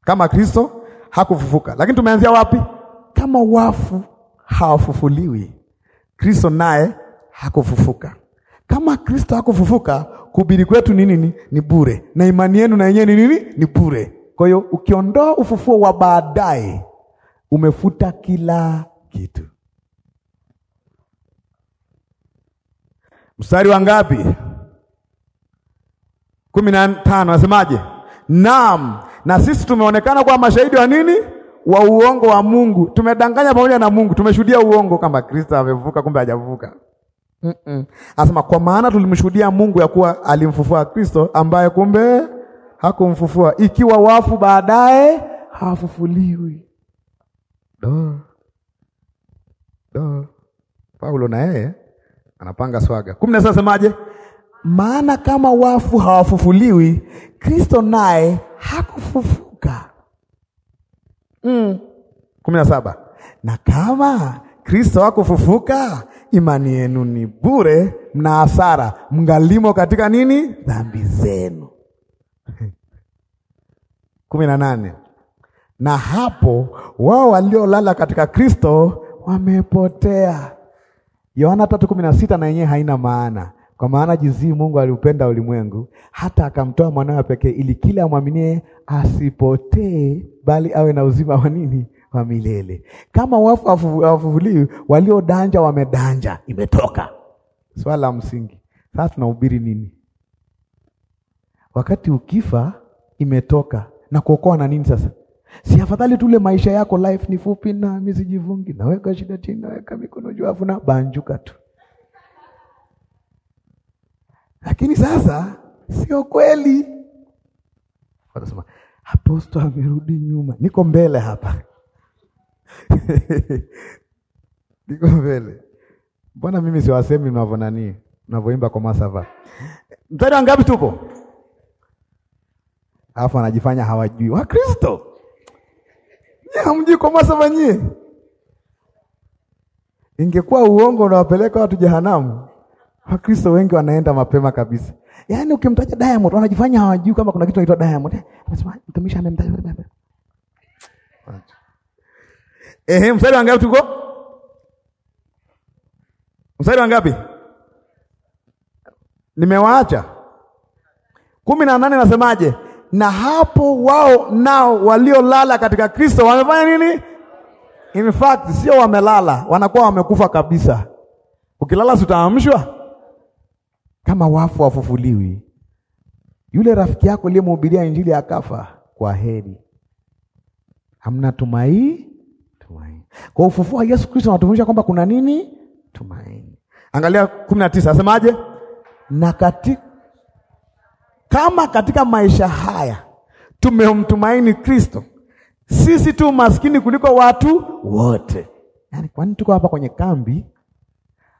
kama Kristo hakufufuka. Lakini tumeanzia wapi? Kama wafu hawafufuliwi, Kristo naye hakufufuka. Kama Kristo hakufufuka, kuhubiri kwetu ni nini? Ni bure, na imani yenu na yenyewe ni nini? Ni bure. Kwa hiyo ukiondoa ufufuo wa baadaye, umefuta kila kitu. Mstari wa ngapi? kumi na tano, nasemaje? Naam, na sisi tumeonekana kuwa mashahidi wa nini? Wa uongo wa Mungu. Tumedanganya pamoja na Mungu, tumeshuhudia uongo kama Kristo amevuka, kumbe hajavuka mm -mm. Anasema kwa maana tulimshuhudia Mungu ya kuwa alimfufua Kristo ambaye kumbe hakumfufua, ikiwa wafu baadaye hawafufuliwi. Do. Do. Paulo na yeye anapanga swaga. kumi na sita semaje? Maana kama wafu hawafufuliwi, Kristo naye hakufufuka. mm. kumi na saba. Na kama Kristo hakufufuka, imani yenu ni bure, mna hasara, mngalimo katika nini? Dhambi zenu. kumi na nane. Na hapo wao waliolala katika Kristo wamepotea. Yohana tatu kumi na sita na yenyewe haina maana kwa maana jinsi Mungu aliupenda ulimwengu hata akamtoa mwanawe pekee, ili kila amwaminie asipotee, bali awe na uzima wa nini? kwa milele. Kama wafu hawafufuliwi, waliodanja wamedanja, imetoka. Swala la msingi sasa, tunahubiri nini? Wakati ukifa imetoka, na kuokoa na nini sasa? Si afadhali tule maisha yako, life ni fupi, na misijivungi, naweka shida chini, naweka mikono juu, afu na banjuka tu. Lakini sasa sio kweli, watasema aposto amerudi nyuma, niko mbele hapa. Niko mbele. Mbona mimi siwasemi mnavyo nani? Mnavyoimba kwa masafa? Mstari wa ngapi tupo? Alafu anajifanya hawajui. Wa Kristo. Ni hamjui kwa masafa nyie. Ingekuwa uongo unawapeleka watu jehanamu. Wakristo wengi wanaenda mapema kabisa. Yaani ukimtaja Diamond wanajifanya hawajui kama kuna kitu kinaitwa Diamond. Anasema mtumishi amemtaja. Acha. Ehe, mstari wa ngapi tuko? Mstari wa ngapi? Nimewaacha kumi na nane. Nasemaje? Na hapo wao nao waliolala katika Kristo wamefanya nini? In fact, sio wamelala, wanakuwa wamekufa kabisa. Ukilala sutaamshwa kama wafu wafufuliwi. Yule rafiki yako aliyemhubiria injili akafa, kwa heri, hamna tumaini kwa ufufuo wa Yesu Kristo anatufundisha kwamba kuna nini? Tumaini. Angalia kumi na tisa asemaje? Na katika kama katika maisha haya tumemtumaini Kristo, sisi tu maskini kuliko watu wote. Yaani, kwani tuko hapa kwenye kambi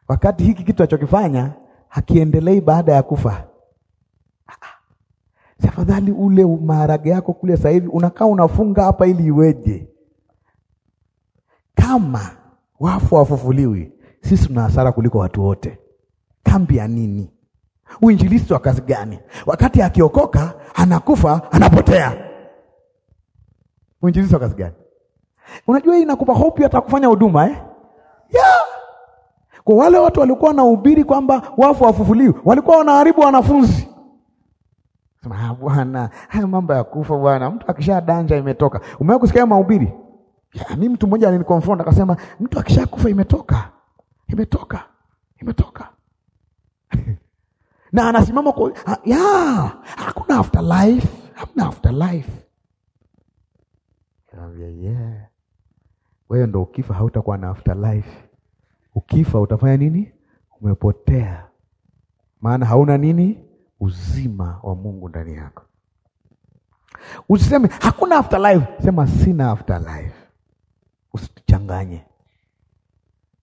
wakati hiki kitu achokifanya hakiendelei baada ya kufa? Tafadhali ule maharage yako kule sasa hivi unakaa unafunga hapa ili iweje? Kama wafu wafufuliwi, sisi tuna hasara kuliko watu wote. Kambi ya nini? Uinjilisti wa kazi gani? Wakati akiokoka anakufa, anapotea. Uinjilisti wa kazi gani? Unajua hii inakupa hope hata kufanya huduma eh? Yeah. Kwa wale watu walikuwa wanahubiri kwamba wafu wafufuliwi, walikuwa wanaharibu wanafunzi. Ah, bwana, haya mambo ya kufa bwana, mtu danja imetoka. Umewahi kusikia mahubiri? ya, mi mtu mmoja alinikonfront akasema mtu akishakufa imetoka imetoka imetoka na anasimama kwa ya hakuna life, hakuna afterlife. Kaambia yeah, wewe ndo ukifa hautakuwa na life. Ukifa utafanya nini? Umepotea, maana hauna nini? Uzima wa Mungu ndani yako. Usiseme hakuna life, sema sina life usituchanganye.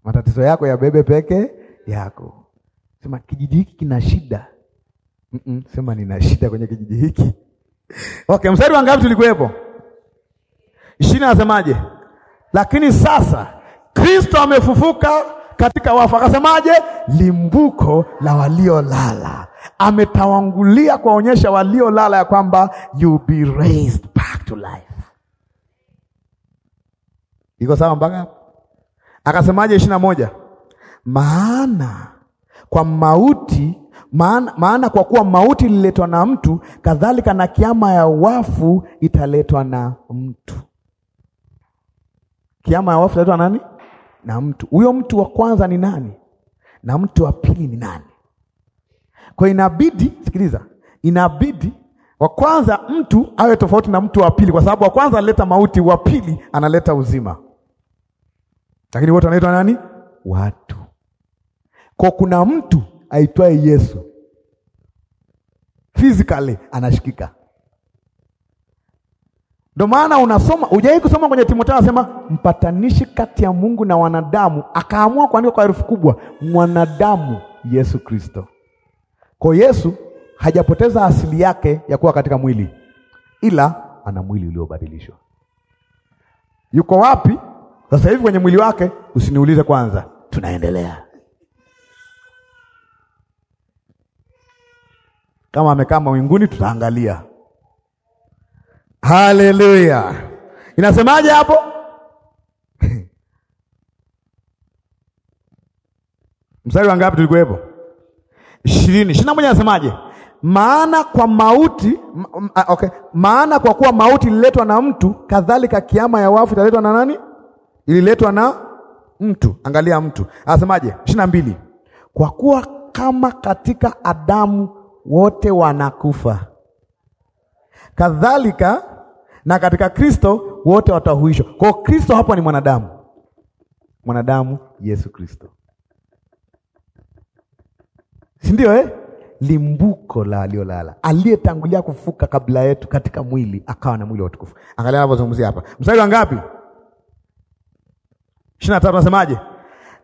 Matatizo yako yabebe peke yako. Sema kijiji hiki kina shida. Mm -mm, sema nina shida kwenye kijiji hiki. Okay, mstari wa ngapi tulikuwepo? Ishirini anasemaje? Lakini sasa Kristo amefufuka katika wafu, akasemaje? Limbuko la waliolala. ametawangulia kuwaonyesha waliolala ya kwamba you be raised back to life. Iko sawa mpaka hapo? Akasemaje ishirini na moja? Maana kwa mauti maana, maana kwa kuwa mauti ililetwa na mtu, kadhalika na kiama ya wafu italetwa na mtu. Kiama ya wafu italetwa nani? Na mtu. Huyo mtu wa kwanza ni nani? Na mtu wa pili ni nani? Kwa inabidi, sikiliza, inabidi wa kwanza mtu awe tofauti na mtu wa pili, kwa sababu wa kwanza alileta mauti, wa pili analeta uzima lakini wote wanaitwa nani? Watu. Kwa kuna mtu aitwaye Yesu physically anashikika. Ndio maana unasoma, hujawahi kusoma kwenye Timotheo anasema mpatanishi kati ya Mungu na wanadamu, akaamua kuandika kwa herufi kubwa mwanadamu Yesu Kristo. Kwa Yesu hajapoteza asili yake ya kuwa katika mwili, ila ana mwili uliobadilishwa. Yuko wapi? Sasa hivi kwenye mwili wake, usiniulize kwanza, tunaendelea. Kama amekaa mawinguni, tutaangalia. Haleluya! Inasemaje hapo? mstari wa ngapi tulikuwepo? ishirini ishirini na moja anasemaje? Maana kwa mauti okay. Maana kwa kuwa mauti ililetwa na mtu, kadhalika kiama ya wafu italetwa na nani? ililetwa na mtu. Angalia mtu anasemaje, ishirini na mbili, kwa kuwa kama katika Adamu wote wanakufa, kadhalika na katika Kristo wote watahuishwa. Kwa Kristo hapo ni mwanadamu, mwanadamu Yesu Kristo, si ndio eh? Limbuko la aliyolala, aliyetangulia kufuka kabla yetu katika mwili, akawa na mwili wa utukufu. Angalia anavyozungumzia hapa, mstari wa ngapi? ishirini na tatu nasemaje?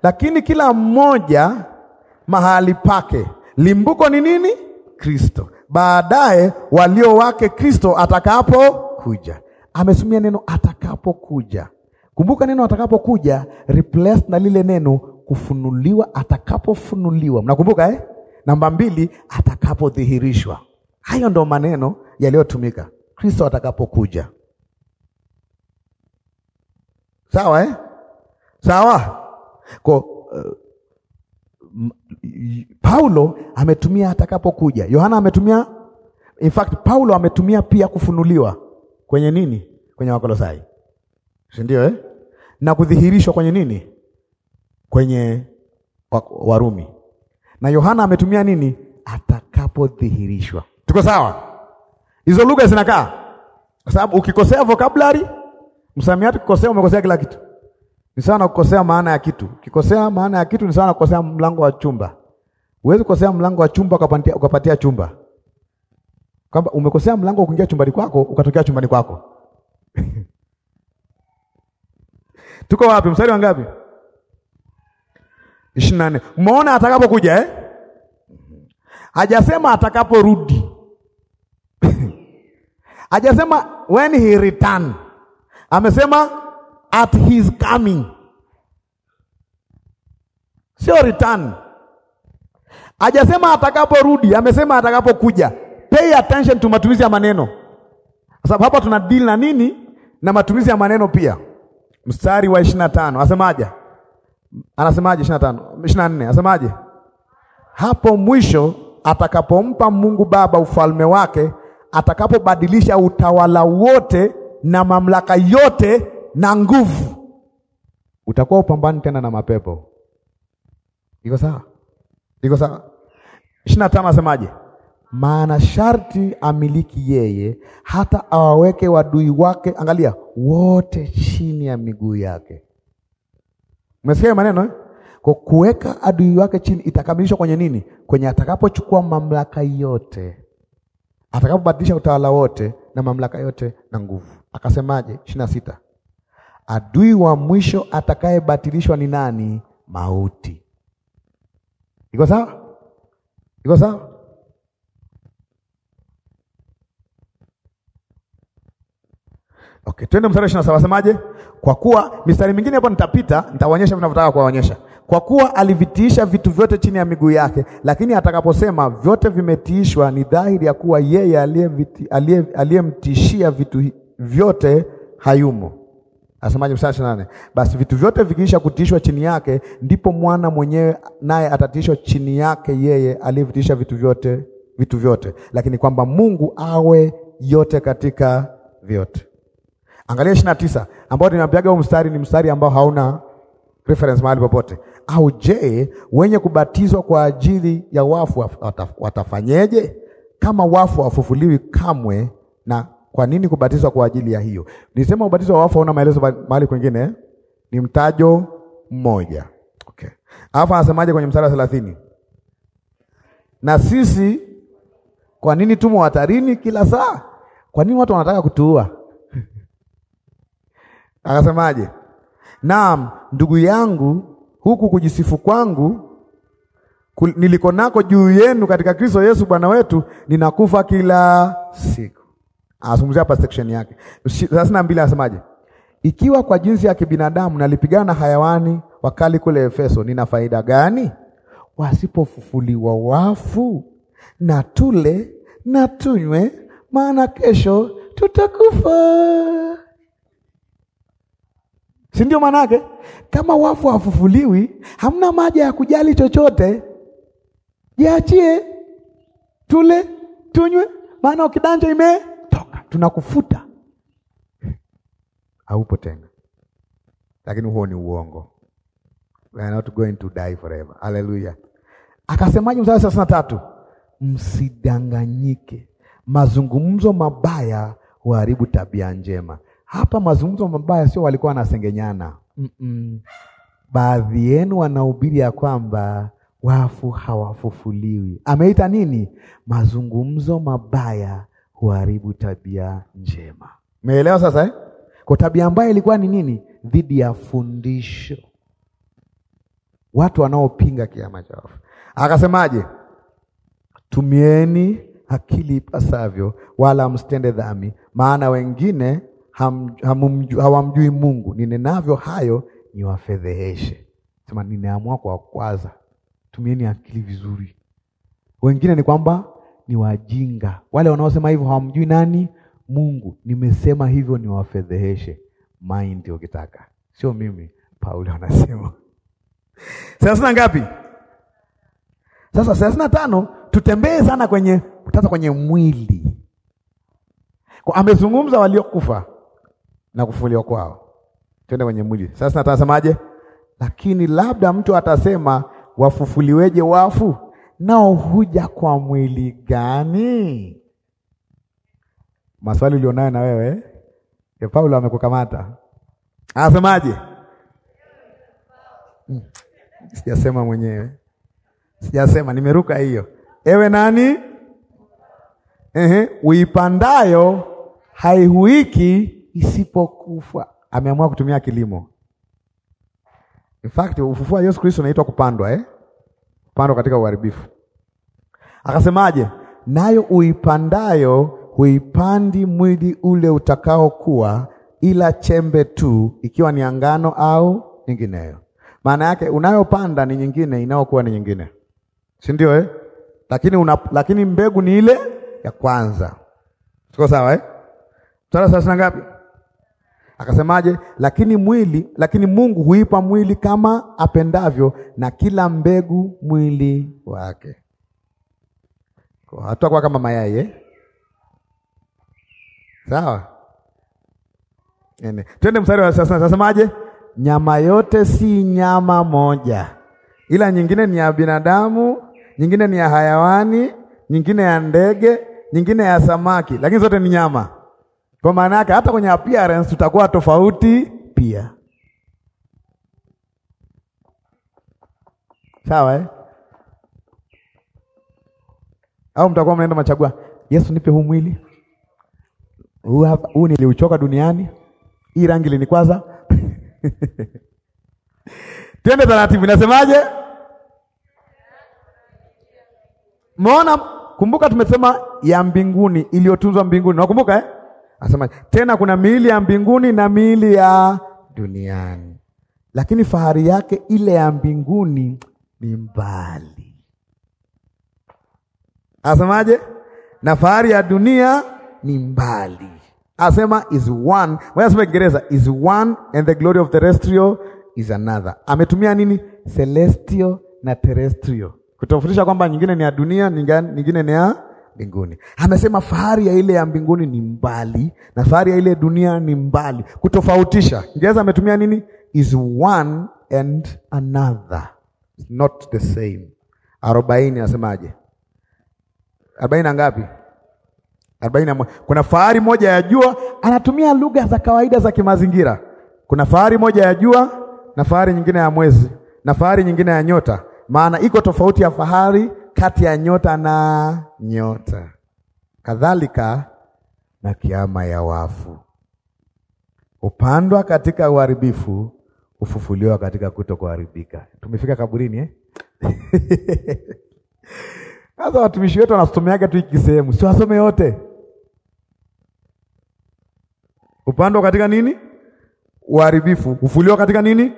Lakini kila mmoja mahali pake. Limbuko ni nini? Kristo. Baadaye walio wake Kristo atakapokuja. amesumia neno atakapokuja. Kumbuka neno atakapokuja replace na lile neno kufunuliwa, atakapofunuliwa. Mnakumbuka eh? Namba mbili, atakapodhihirishwa. Hayo ndo maneno yaliyotumika. Kristo atakapokuja. Sawa eh? Sawa? Kwa uh, Paulo ametumia atakapokuja. Yohana ametumia in fact Paulo ametumia pia kufunuliwa kwenye nini? Kwenye Wakolosai. Si ndio eh? Na kudhihirishwa kwenye nini? Kwenye Warumi. Na Yohana ametumia nini? Atakapodhihirishwa. Tuko sawa? Hizo lugha zinakaa. Kwa sababu ukikosea vocabulary, msamiati kukosea umekosea kila kitu. Ni sawa na kukosea maana ya kitu. Ukikosea maana ya kitu ni sawa na kukosea mlango wa chumba. Huwezi kukosea mlango wa chumba ukapatia ukapatia chumba. Kwamba umekosea mlango kuingia chumbani kwako, ukatokea chumbani kwako. Tuko wapi? Mstari wa ngapi? 24. atakapokuja eh? Hajasema atakaporudi. Hajasema when he return. Amesema at his coming, sio return. Hajasema atakaporudi, amesema atakapokuja. Pay attention to matumizi ya maneno, sababu hapa tuna deal na nini? Na matumizi ya maneno pia. Mstari wa ishirini na tano asemaje? Anasemaje ishirini na tano ishirini na nne asemaje? Hapo mwisho atakapompa Mungu Baba ufalme wake, atakapobadilisha utawala wote na mamlaka yote na nguvu, utakuwa upambani tena na mapepo. Iko sawa? Iko sawa? ishirini na tano asemaje? Maana sharti amiliki yeye, hata awaweke wadui wake, angalia, wote chini ya miguu yake. Umesikia maneno eh? Kwa kuweka adui wake chini itakamilishwa kwenye nini? Kwenye atakapochukua mamlaka yote, atakapobadilisha utawala wote na mamlaka yote na nguvu. Akasemaje? ishirini na sita Adui wa mwisho atakayebatilishwa ni nani? Mauti. Iko sawa? Iko sawa? Okay, twende mstari ishirini na saba. Semaje? Kwa kuwa mistari mingine hapo nitapita, nitawaonyesha vinavyotaka kuwaonyesha. Kwa kuwa alivitiisha vitu vyote chini ya miguu yake, lakini atakaposema vyote vimetiishwa, ni dhahiri ya kuwa yeye aliyemtishia vitu vyote hayumo. Asemaje mstari ishirini na nane? Basi vitu vyote vikiisha kutiishwa chini yake, ndipo mwana mwenyewe naye atatishwa chini yake yeye aliyevitisha vitu vyote, vitu vyote, lakini kwamba Mungu awe yote katika vyote. Angalia ishirini na tisa ambao nimeambiaga huu mstari ni mstari ambao hauna reference mahali popote. Au je, wenye kubatizwa kwa ajili ya wafu watafanyeje? Kama wafu wafufuliwi kamwe na kwa nini kubatizwa kwa ajili ya hiyo? Nisema ubatizo wa wafu hauna maelezo mahali kwingine eh? Ni mtajo mmoja. Okay. Alafu anasemaje kwenye mstari wa thelathini? Na sisi kwa nini tumo hatarini kila saa? Kwa nini watu wanataka kutuua? Akasemaje? Naam, ndugu yangu, huku kujisifu kwangu niliko nako juu yenu katika Kristo Yesu Bwana wetu, ninakufa kila siku. Anazungumzia hapa section yake. Thelathini na mbili anasemaje? Ikiwa kwa jinsi ya kibinadamu nalipigana na hayawani wakali kule Efeso, nina faida gani? Wasipofufuliwa wafu na tule na tunywe, maana kesho tutakufa. Si ndio? Maanake kama wafu hawafufuliwi, hamna maja ya kujali chochote. Jiachie, tule, tunywe, maana ukidanja ime tunakufuta, haupo tena. Lakini huo ni uongo. We are not going to die forever. Haleluya! Akasemaje mstari thelathini na tatu? Msidanganyike, mazungumzo mabaya huharibu tabia njema. Hapa mazungumzo mabaya sio walikuwa wanasengenyana, mm -mm. Baadhi yenu wanahubiri ya kwamba wafu hawafufuliwi, ameita nini? Mazungumzo mabaya huharibu tabia njema. Umeelewa sasa eh? Kwa tabia mbaya ilikuwa ni nini? Dhidi ya fundisho, watu wanaopinga kiama cha wafu. Akasemaje? Tumieni akili ipasavyo, wala msitende dhambi, maana wengine hawamjui Mungu. Ninenavyo hayo niwafedheheshe. Sema, nimeamua kuwakwaza. Tumieni akili vizuri. Wengine ni kwamba ni wajinga. Wale wanaosema hivyo hawamjui nani? Mungu. Nimesema hivyo niwafedheheshe mind, ukitaka sio mimi. Paulo anasema thelathini na ngapi? Sasa thelathini na tano, tutembee sana kwenye sasa kwenye mwili. Kwa amezungumza waliokufa na kufufuliwa kwao, twende kwenye mwili sasa. asemaje Lakini labda mtu atasema wafufuliweje wafu? nao huja kwa mwili gani? Maswali ulionayo na wewe ya Paulo amekukamata, anasemaje? Hmm, sijasema mwenyewe, sijasema, nimeruka hiyo. Ewe nani? Ehe, uipandayo haihuiki isipokufa. Ameamua kutumia kilimo. In fact, ufufuo wa Yesu Kristo unaitwa kupandwa eh? kupandwa katika uharibifu. Akasemaje? Nayo uipandayo huipandi mwili ule utakaokuwa, ila chembe tu, ikiwa ni angano au nyingineyo. Maana yake unayopanda ni nyingine, inayokuwa ni nyingine, si ndio eh? Lakini una, lakini mbegu ni ile ya kwanza. Tuko sawa eh? Sura thelathini na ngapi? Akasemaje? Lakini mwili, lakini Mungu huipa mwili kama apendavyo, na kila mbegu mwili wake. Kwa hatakuwa kama mayai eh? Sawa, twende mstari wa sasa. Nasemaje? Nyama yote si nyama moja, ila nyingine ni ya binadamu, nyingine ni ya hayawani, nyingine ya ndege, nyingine ya samaki, lakini zote ni nyama. Kwa maana yake hata kwenye appearance tutakuwa tofauti pia. Sawa eh? Au mtakuwa mnaenda machagua, Yesu nipe huu mwili huu, niliuchoka duniani, hii rangi linikwaza tuende taratibu, inasemaje? Maona, kumbuka tumesema ya mbinguni, iliyotunzwa mbinguni, nakumbuka eh? Asema tena kuna miili ya mbinguni na miili ya duniani, lakini fahari yake ile ya mbinguni ni mbali. Asemaje? na fahari ya dunia ni mbali. Asema is one, asema Kiingereza is one and the glory of terrestrial is another. Ametumia nini? Celestial na terrestrial, kutofundisha kwamba nyingine ni ya dunia, nyingine ni ya mbinguni. Amesema fahari ya ile ya mbinguni ni mbali na fahari ya ile dunia ni mbali. Kutofautisha, Kiingereza ametumia nini? Is one and another, not the same. Arobaini anasemaje? Arobaini na ngapi? Arobaini na moja. Kuna fahari moja ya jua, anatumia lugha za kawaida za kimazingira. Kuna fahari moja ya jua na fahari nyingine ya mwezi na fahari nyingine ya nyota, maana iko tofauti ya fahari kati ya nyota na nyota, kadhalika na kiama ya wafu, upandwa katika uharibifu, ufufuliwa katika kuto kuharibika Tumefika kaburini eh? Sasa watumishi wetu wanatusomeaga tu hiki sehemu, si wasome yote. Upandwa katika nini? Uharibifu. Ufufuliwa katika nini?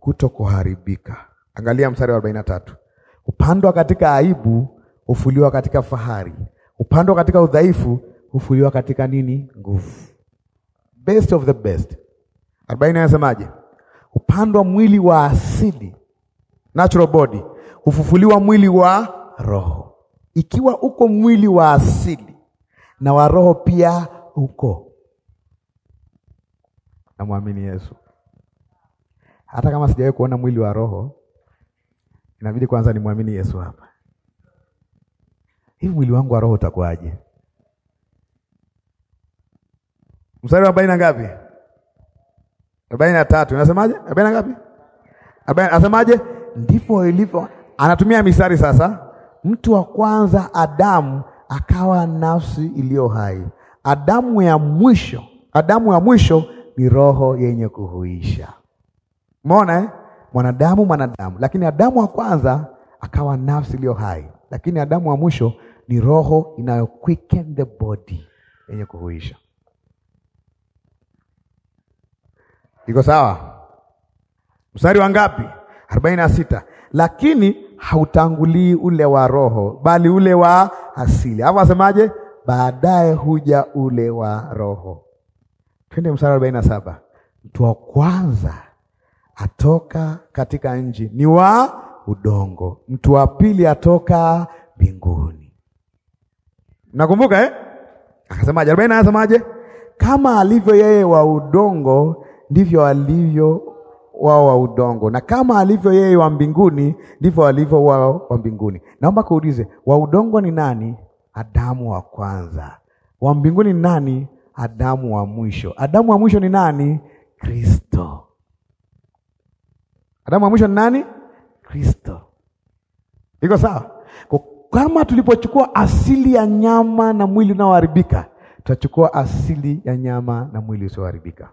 kuto kuharibika Angalia mstari wa arobaini na tatu upandwa katika aibu hufuliwa katika fahari, upandwa katika udhaifu hufuliwa katika nini? Nguvu. Best of the best. Arobaini anasemaje? Upandwa mwili wa asili, natural body, hufufuliwa mwili wa roho. Ikiwa uko mwili wa asili na wa roho pia uko, namwamini Yesu hata kama sijawahi kuona mwili wa roho inabidi kwanza nimwamini Yesu hapa. Hivi mwili wangu wa roho utakuwaje? Mstari wa arobaini na ngapi? arobaini na tatu Unasemaje? arobaini na ngapi? Anasemaje? ndipo ilivyo. Anatumia misari sasa. Mtu wa kwanza Adamu akawa nafsi iliyo hai. Adamu ya mwisho, Adamu ya mwisho ni roho yenye kuhuisha. Umeona eh? mwanadamu mwanadamu, lakini Adamu wa kwanza akawa nafsi iliyo hai, lakini Adamu wa mwisho ni roho inayo quicken the body yenye kuhuisha. Iko sawa? Mstari wa ngapi? arobaini na sita. Lakini hautangulii ule wa roho, bali ule wa asili. Hapo asemaje? Baadaye huja ule wa roho. Twende mstari wa arobaini na saba. Mtu wa kwanza atoka katika nchi ni wa udongo, mtu wa pili atoka mbinguni. Mnakumbuka eh? Akasemaje? arobaini anasemaje? Kama alivyo yeye wa udongo, ndivyo alivyo wao wa udongo, na kama alivyo yeye wa mbinguni, ndivyo alivyo wao wa mbinguni. Naomba kuulize, wa udongo ni nani? Adamu wa kwanza. Wa mbinguni ni nani? Adamu wa mwisho. Adamu wa mwisho ni nani? Kristo. Adamu wa mwisho ni nani? Kristo. Iko sawa? Kama tulipochukua asili ya nyama na mwili unaoharibika, tutachukua asili ya nyama na mwili usioharibika.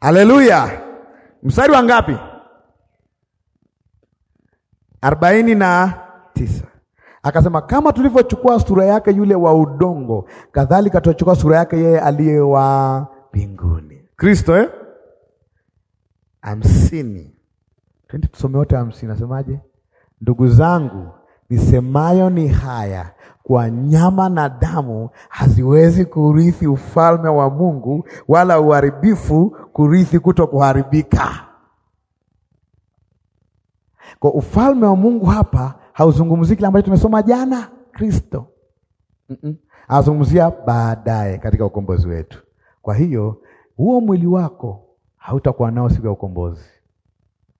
Haleluya! mstari wa ngapi? arobaini na tisa. Akasema, kama tulivyochukua sura yake yule wa udongo, kadhalika tutachukua sura yake yeye aliye wa mbinguni. Kristo eh? Hamsini. Twende tusome wote hamsini. Nasemaje? Ndugu zangu, nisemayo ni haya, kwa nyama na damu haziwezi kurithi ufalme wa Mungu, wala uharibifu kurithi kuto kuharibika. Kwa ufalme wa Mungu hapa hauzungumzii kile ambacho tumesoma jana, Kristo. Mm -mm. Azungumzia baadaye katika ukombozi wetu. Kwa hiyo huo mwili wako hautakuwa nao siku ya ukombozi.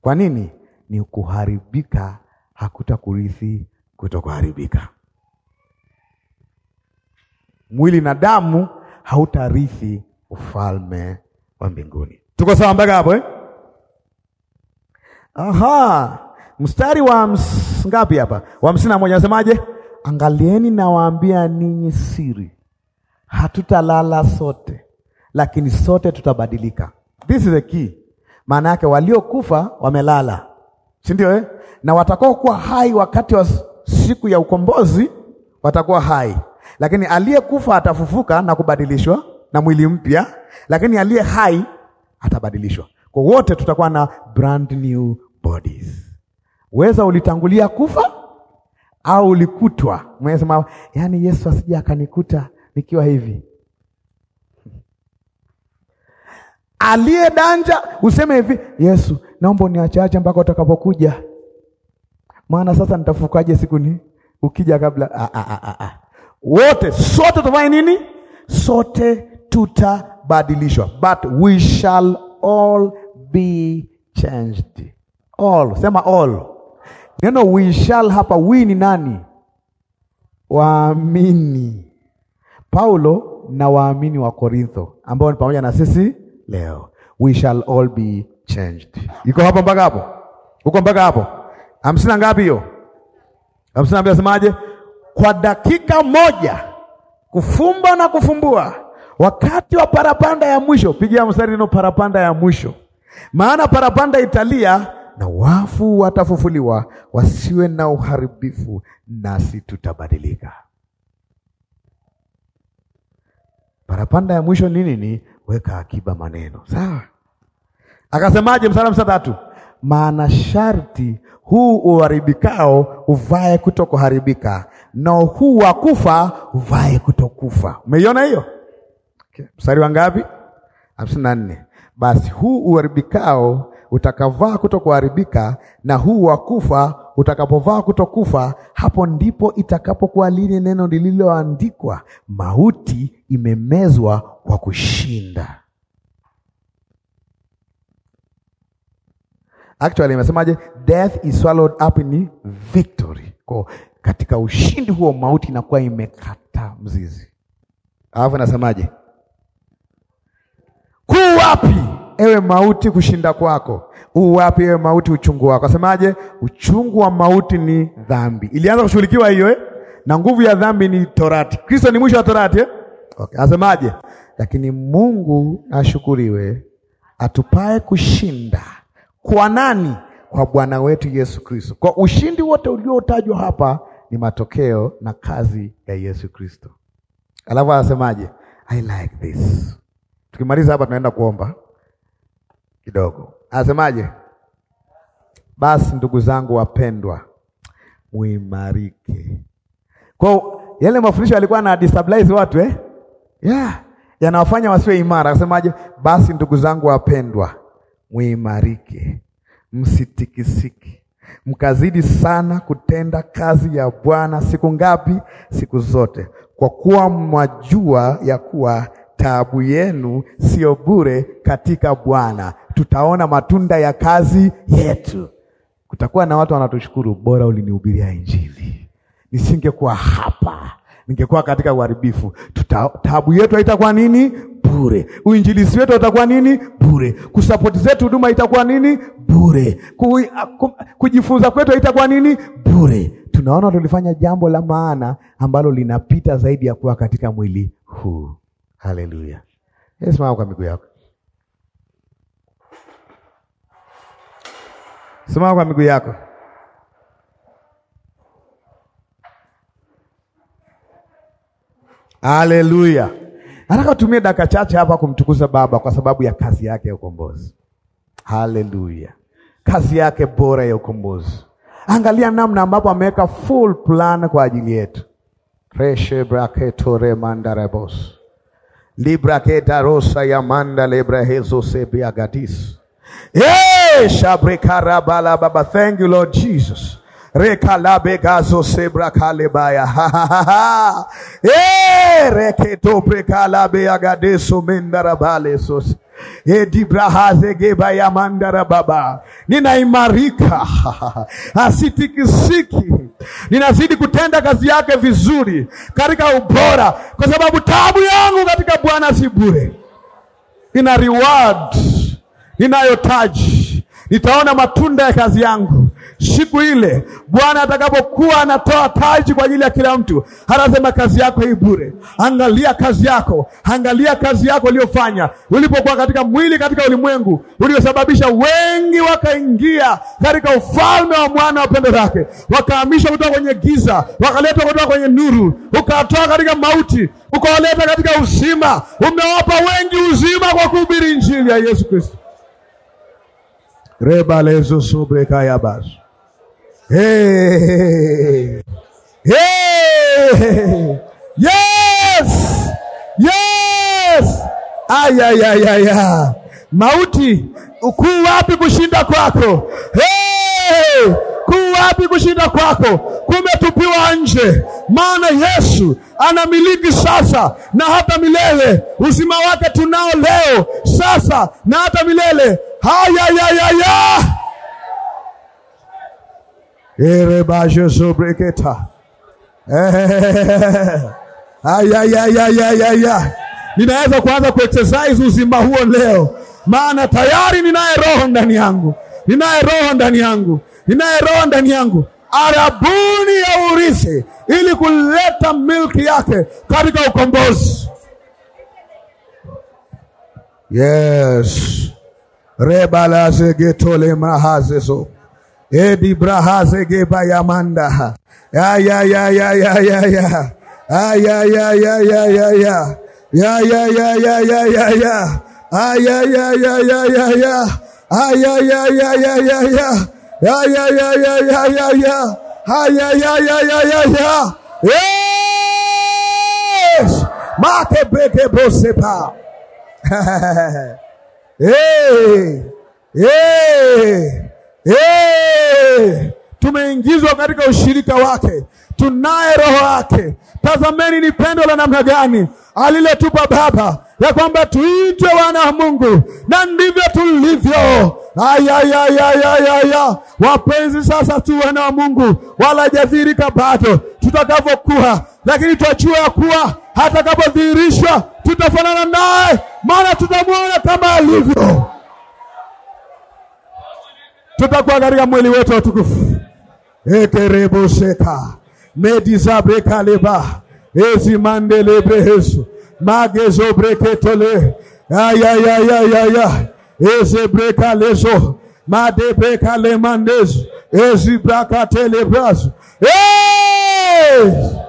Kwa nini? Ni kuharibika, hakutakurithi kutokuharibika. Mwili na damu hautarithi ufalme wa mbinguni. Tuko sawa mpaka hapo eh? Aha, mstari wa ms... ngapi hapa? Wa hamsini na moja nasemaje? Angalieni nawaambia ninyi siri, hatutalala sote lakini sote tutabadilika. This is the key. Maana yake waliokufa wamelala, si ndio eh? Na watakao kuwa hai wakati wa siku ya ukombozi watakuwa hai, lakini aliyekufa atafufuka na kubadilishwa na mwili mpya, lakini aliye hai atabadilishwa. Kwa wote tutakuwa na brand new bodies. Weza ulitangulia kufa au ulikutwa? Mwesema, yani Yesu asije akanikuta nikiwa hivi aliye danja useme hivi, Yesu naomba uniachaache mpaka utakapokuja, maana sasa nitafukaje siku ni ukija kabla. Ah, ah, ah, ah, ah. Wote sote tutafanya nini? Sote tutabadilishwa, but we shall all be changed. All sema all, neno we shall hapa, we ni nani? Waamini. Paulo na waamini wa Korintho ambao ni pamoja na sisi leo. We shall all be changed. Iko hapo mpaka hapo? Uko mpaka hapo? hamsini na ngapi hiyo? hamsini na mbili. Asemaje? Kwa dakika moja kufumba na kufumbua, wakati wa parapanda ya mwisho. Pigia mstari neno parapanda ya mwisho, maana parapanda italia na wafu watafufuliwa, wasiwe na uharibifu, nasi tutabadilika. Parapanda ya mwisho ni nini? weka akiba maneno. Sawa, akasemaje? mstari hamsini tatu maana sharti huu uharibikao uvae kutokuharibika, na huu wa kufa uvae kutokufa. Umeiona hiyo? Okay. mstari wa ngapi? hamsini na nne. Basi huu uharibikao utakavaa kutokuharibika, na huu wa kufa utakapovaa kutokufa, hapo ndipo itakapokuwa lile neno lililoandikwa, mauti imemezwa kwa kushinda. Actually imesemaje? Death is swallowed up in victory. Kwa katika ushindi huo mauti inakuwa imekata mzizi. Alafu inasemaje? Kuu wapi ewe mauti, kushinda kwako uwapi, ewe mauti, uchungu wako. Asemaje? uchungu wa mauti ni dhambi. Ilianza kushughulikiwa hiyo eh? na nguvu ya dhambi ni torati. Kristo ni mwisho wa torati eh? Okay. Asemaje? lakini Mungu ashukuriwe, atupae kushinda kwa nani? Kwa Bwana wetu Yesu Kristo. Kwa ushindi wote uliotajwa hapa ni matokeo na kazi ya Yesu Kristo. Alafu anasemaje? I like this. Tukimaliza hapa tunaenda kuomba kidogo. Anasemaje? Basi ndugu zangu wapendwa, muimarike. Kwa yale mafundisho yalikuwa na destabilize watu eh? Yeah, yanawafanya wasiwe imara. Anasemaje? Basi ndugu zangu wapendwa, muimarike, msitikisiki, mkazidi sana kutenda kazi ya Bwana siku ngapi? Siku zote, kwa kuwa mwajua ya kuwa taabu yenu sio bure katika Bwana tutaona matunda ya kazi yetu. Kutakuwa na watu wanatushukuru, bora ulinihubiria Injili, nisingekuwa hapa, ningekuwa katika uharibifu. tabu yetu haitakuwa nini bure, uinjilisi wetu utakuwa nini bure, kusapoti zetu huduma itakuwa nini bure, kujifunza kwetu itakuwa nini bure. Tunaona tulifanya jambo la maana ambalo linapita zaidi ya kuwa katika mwili huu. Haleluya! Simama kwa miguu yako. Simama kwa miguu yako. Haleluya. Nataka tumie dakika chache hapa kumtukuza Baba kwa sababu ya kazi yake ya ukombozi. Haleluya. Kazi yake bora ya ukombozi. Angalia namna ambapo ameweka full plan kwa ajili yetu. Reshe braketore mandarabos. Libraketa rosa ya manda lebrahezo sebiagatis. Baba. Thank you, Lord Jesus. rekalabegazo sebrakalebaya reketobrekalabeagadeso mendarabalesos edibrahazegebaya ninaimarika asitikisiki ninazidi kutenda kazi yake vizuri katika ubora kwa sababu tabu yangu katika Bwana si bure ina rewards ninayo taji, nitaona matunda ya kazi yangu siku ile Bwana atakapokuwa anatoa taji kwa ajili ya kila mtu, hatasema kazi yako hii bure. Angalia kazi yako, angalia kazi yako uliyofanya ulipokuwa katika mwili, katika ulimwengu uliosababisha wengi wakaingia katika ufalme wa mwana wa pendo lake, wakahamishwa kutoka kwenye giza, wakaletwa kutoka kwenye nuru, ukatoa katika mauti, ukawaleta katika uzima. Umewapa wengi uzima kwa kuhubiri injili ya Yesu Kristo rebalezo kayabas hey. hey. yes yes ayayayaya mauti ukuu wapi kushinda kwako hey kuu wapi kushinda kwako? Kumetupiwa nje, maana Yesu anamiliki sasa na hata milele. Uzima wake tunao leo sasa na hata milele. ya ya ya ninaweza kuanza kuexercise uzima huo leo, maana tayari ninaye roho ndani yangu, ninaye roho ndani yangu ninaye Roho ndani yangu, arabuni ya urithi, ili kuleta milki yake katika ukombozi. Yes, rebalazegetole edibrahazegebayamanda yayayayayayaya ayayayayayaya yayayayayayaya ayayayayayaya ya ya ya ya ya ya ya haya ya ya ya ya ya yes mate breke bosepa hey hey hey tumeingizwa katika ushirika wake tunaye roho yake. Tazameni ni pendo la namna gani aliletupa Baba ya kwamba tuitwe wana wa Mungu, na ndivyo tulivyo. Ayayayayaya, wapenzi, sasa tu wana wa Mungu, wala hajadhihirika bado tutakavyokuwa, lakini twajua ya kuwa hatakapodhihirishwa tutafanana naye, maana tutamwona kama alivyo. Tutakuwa katika mwili wetu wa tukufu ekerebosheka medizabekaleba ezimandelebehesu magezobreketole ayayayayaya ezebrekalezo madebekalemandezo ezibrakatelebrazo hey!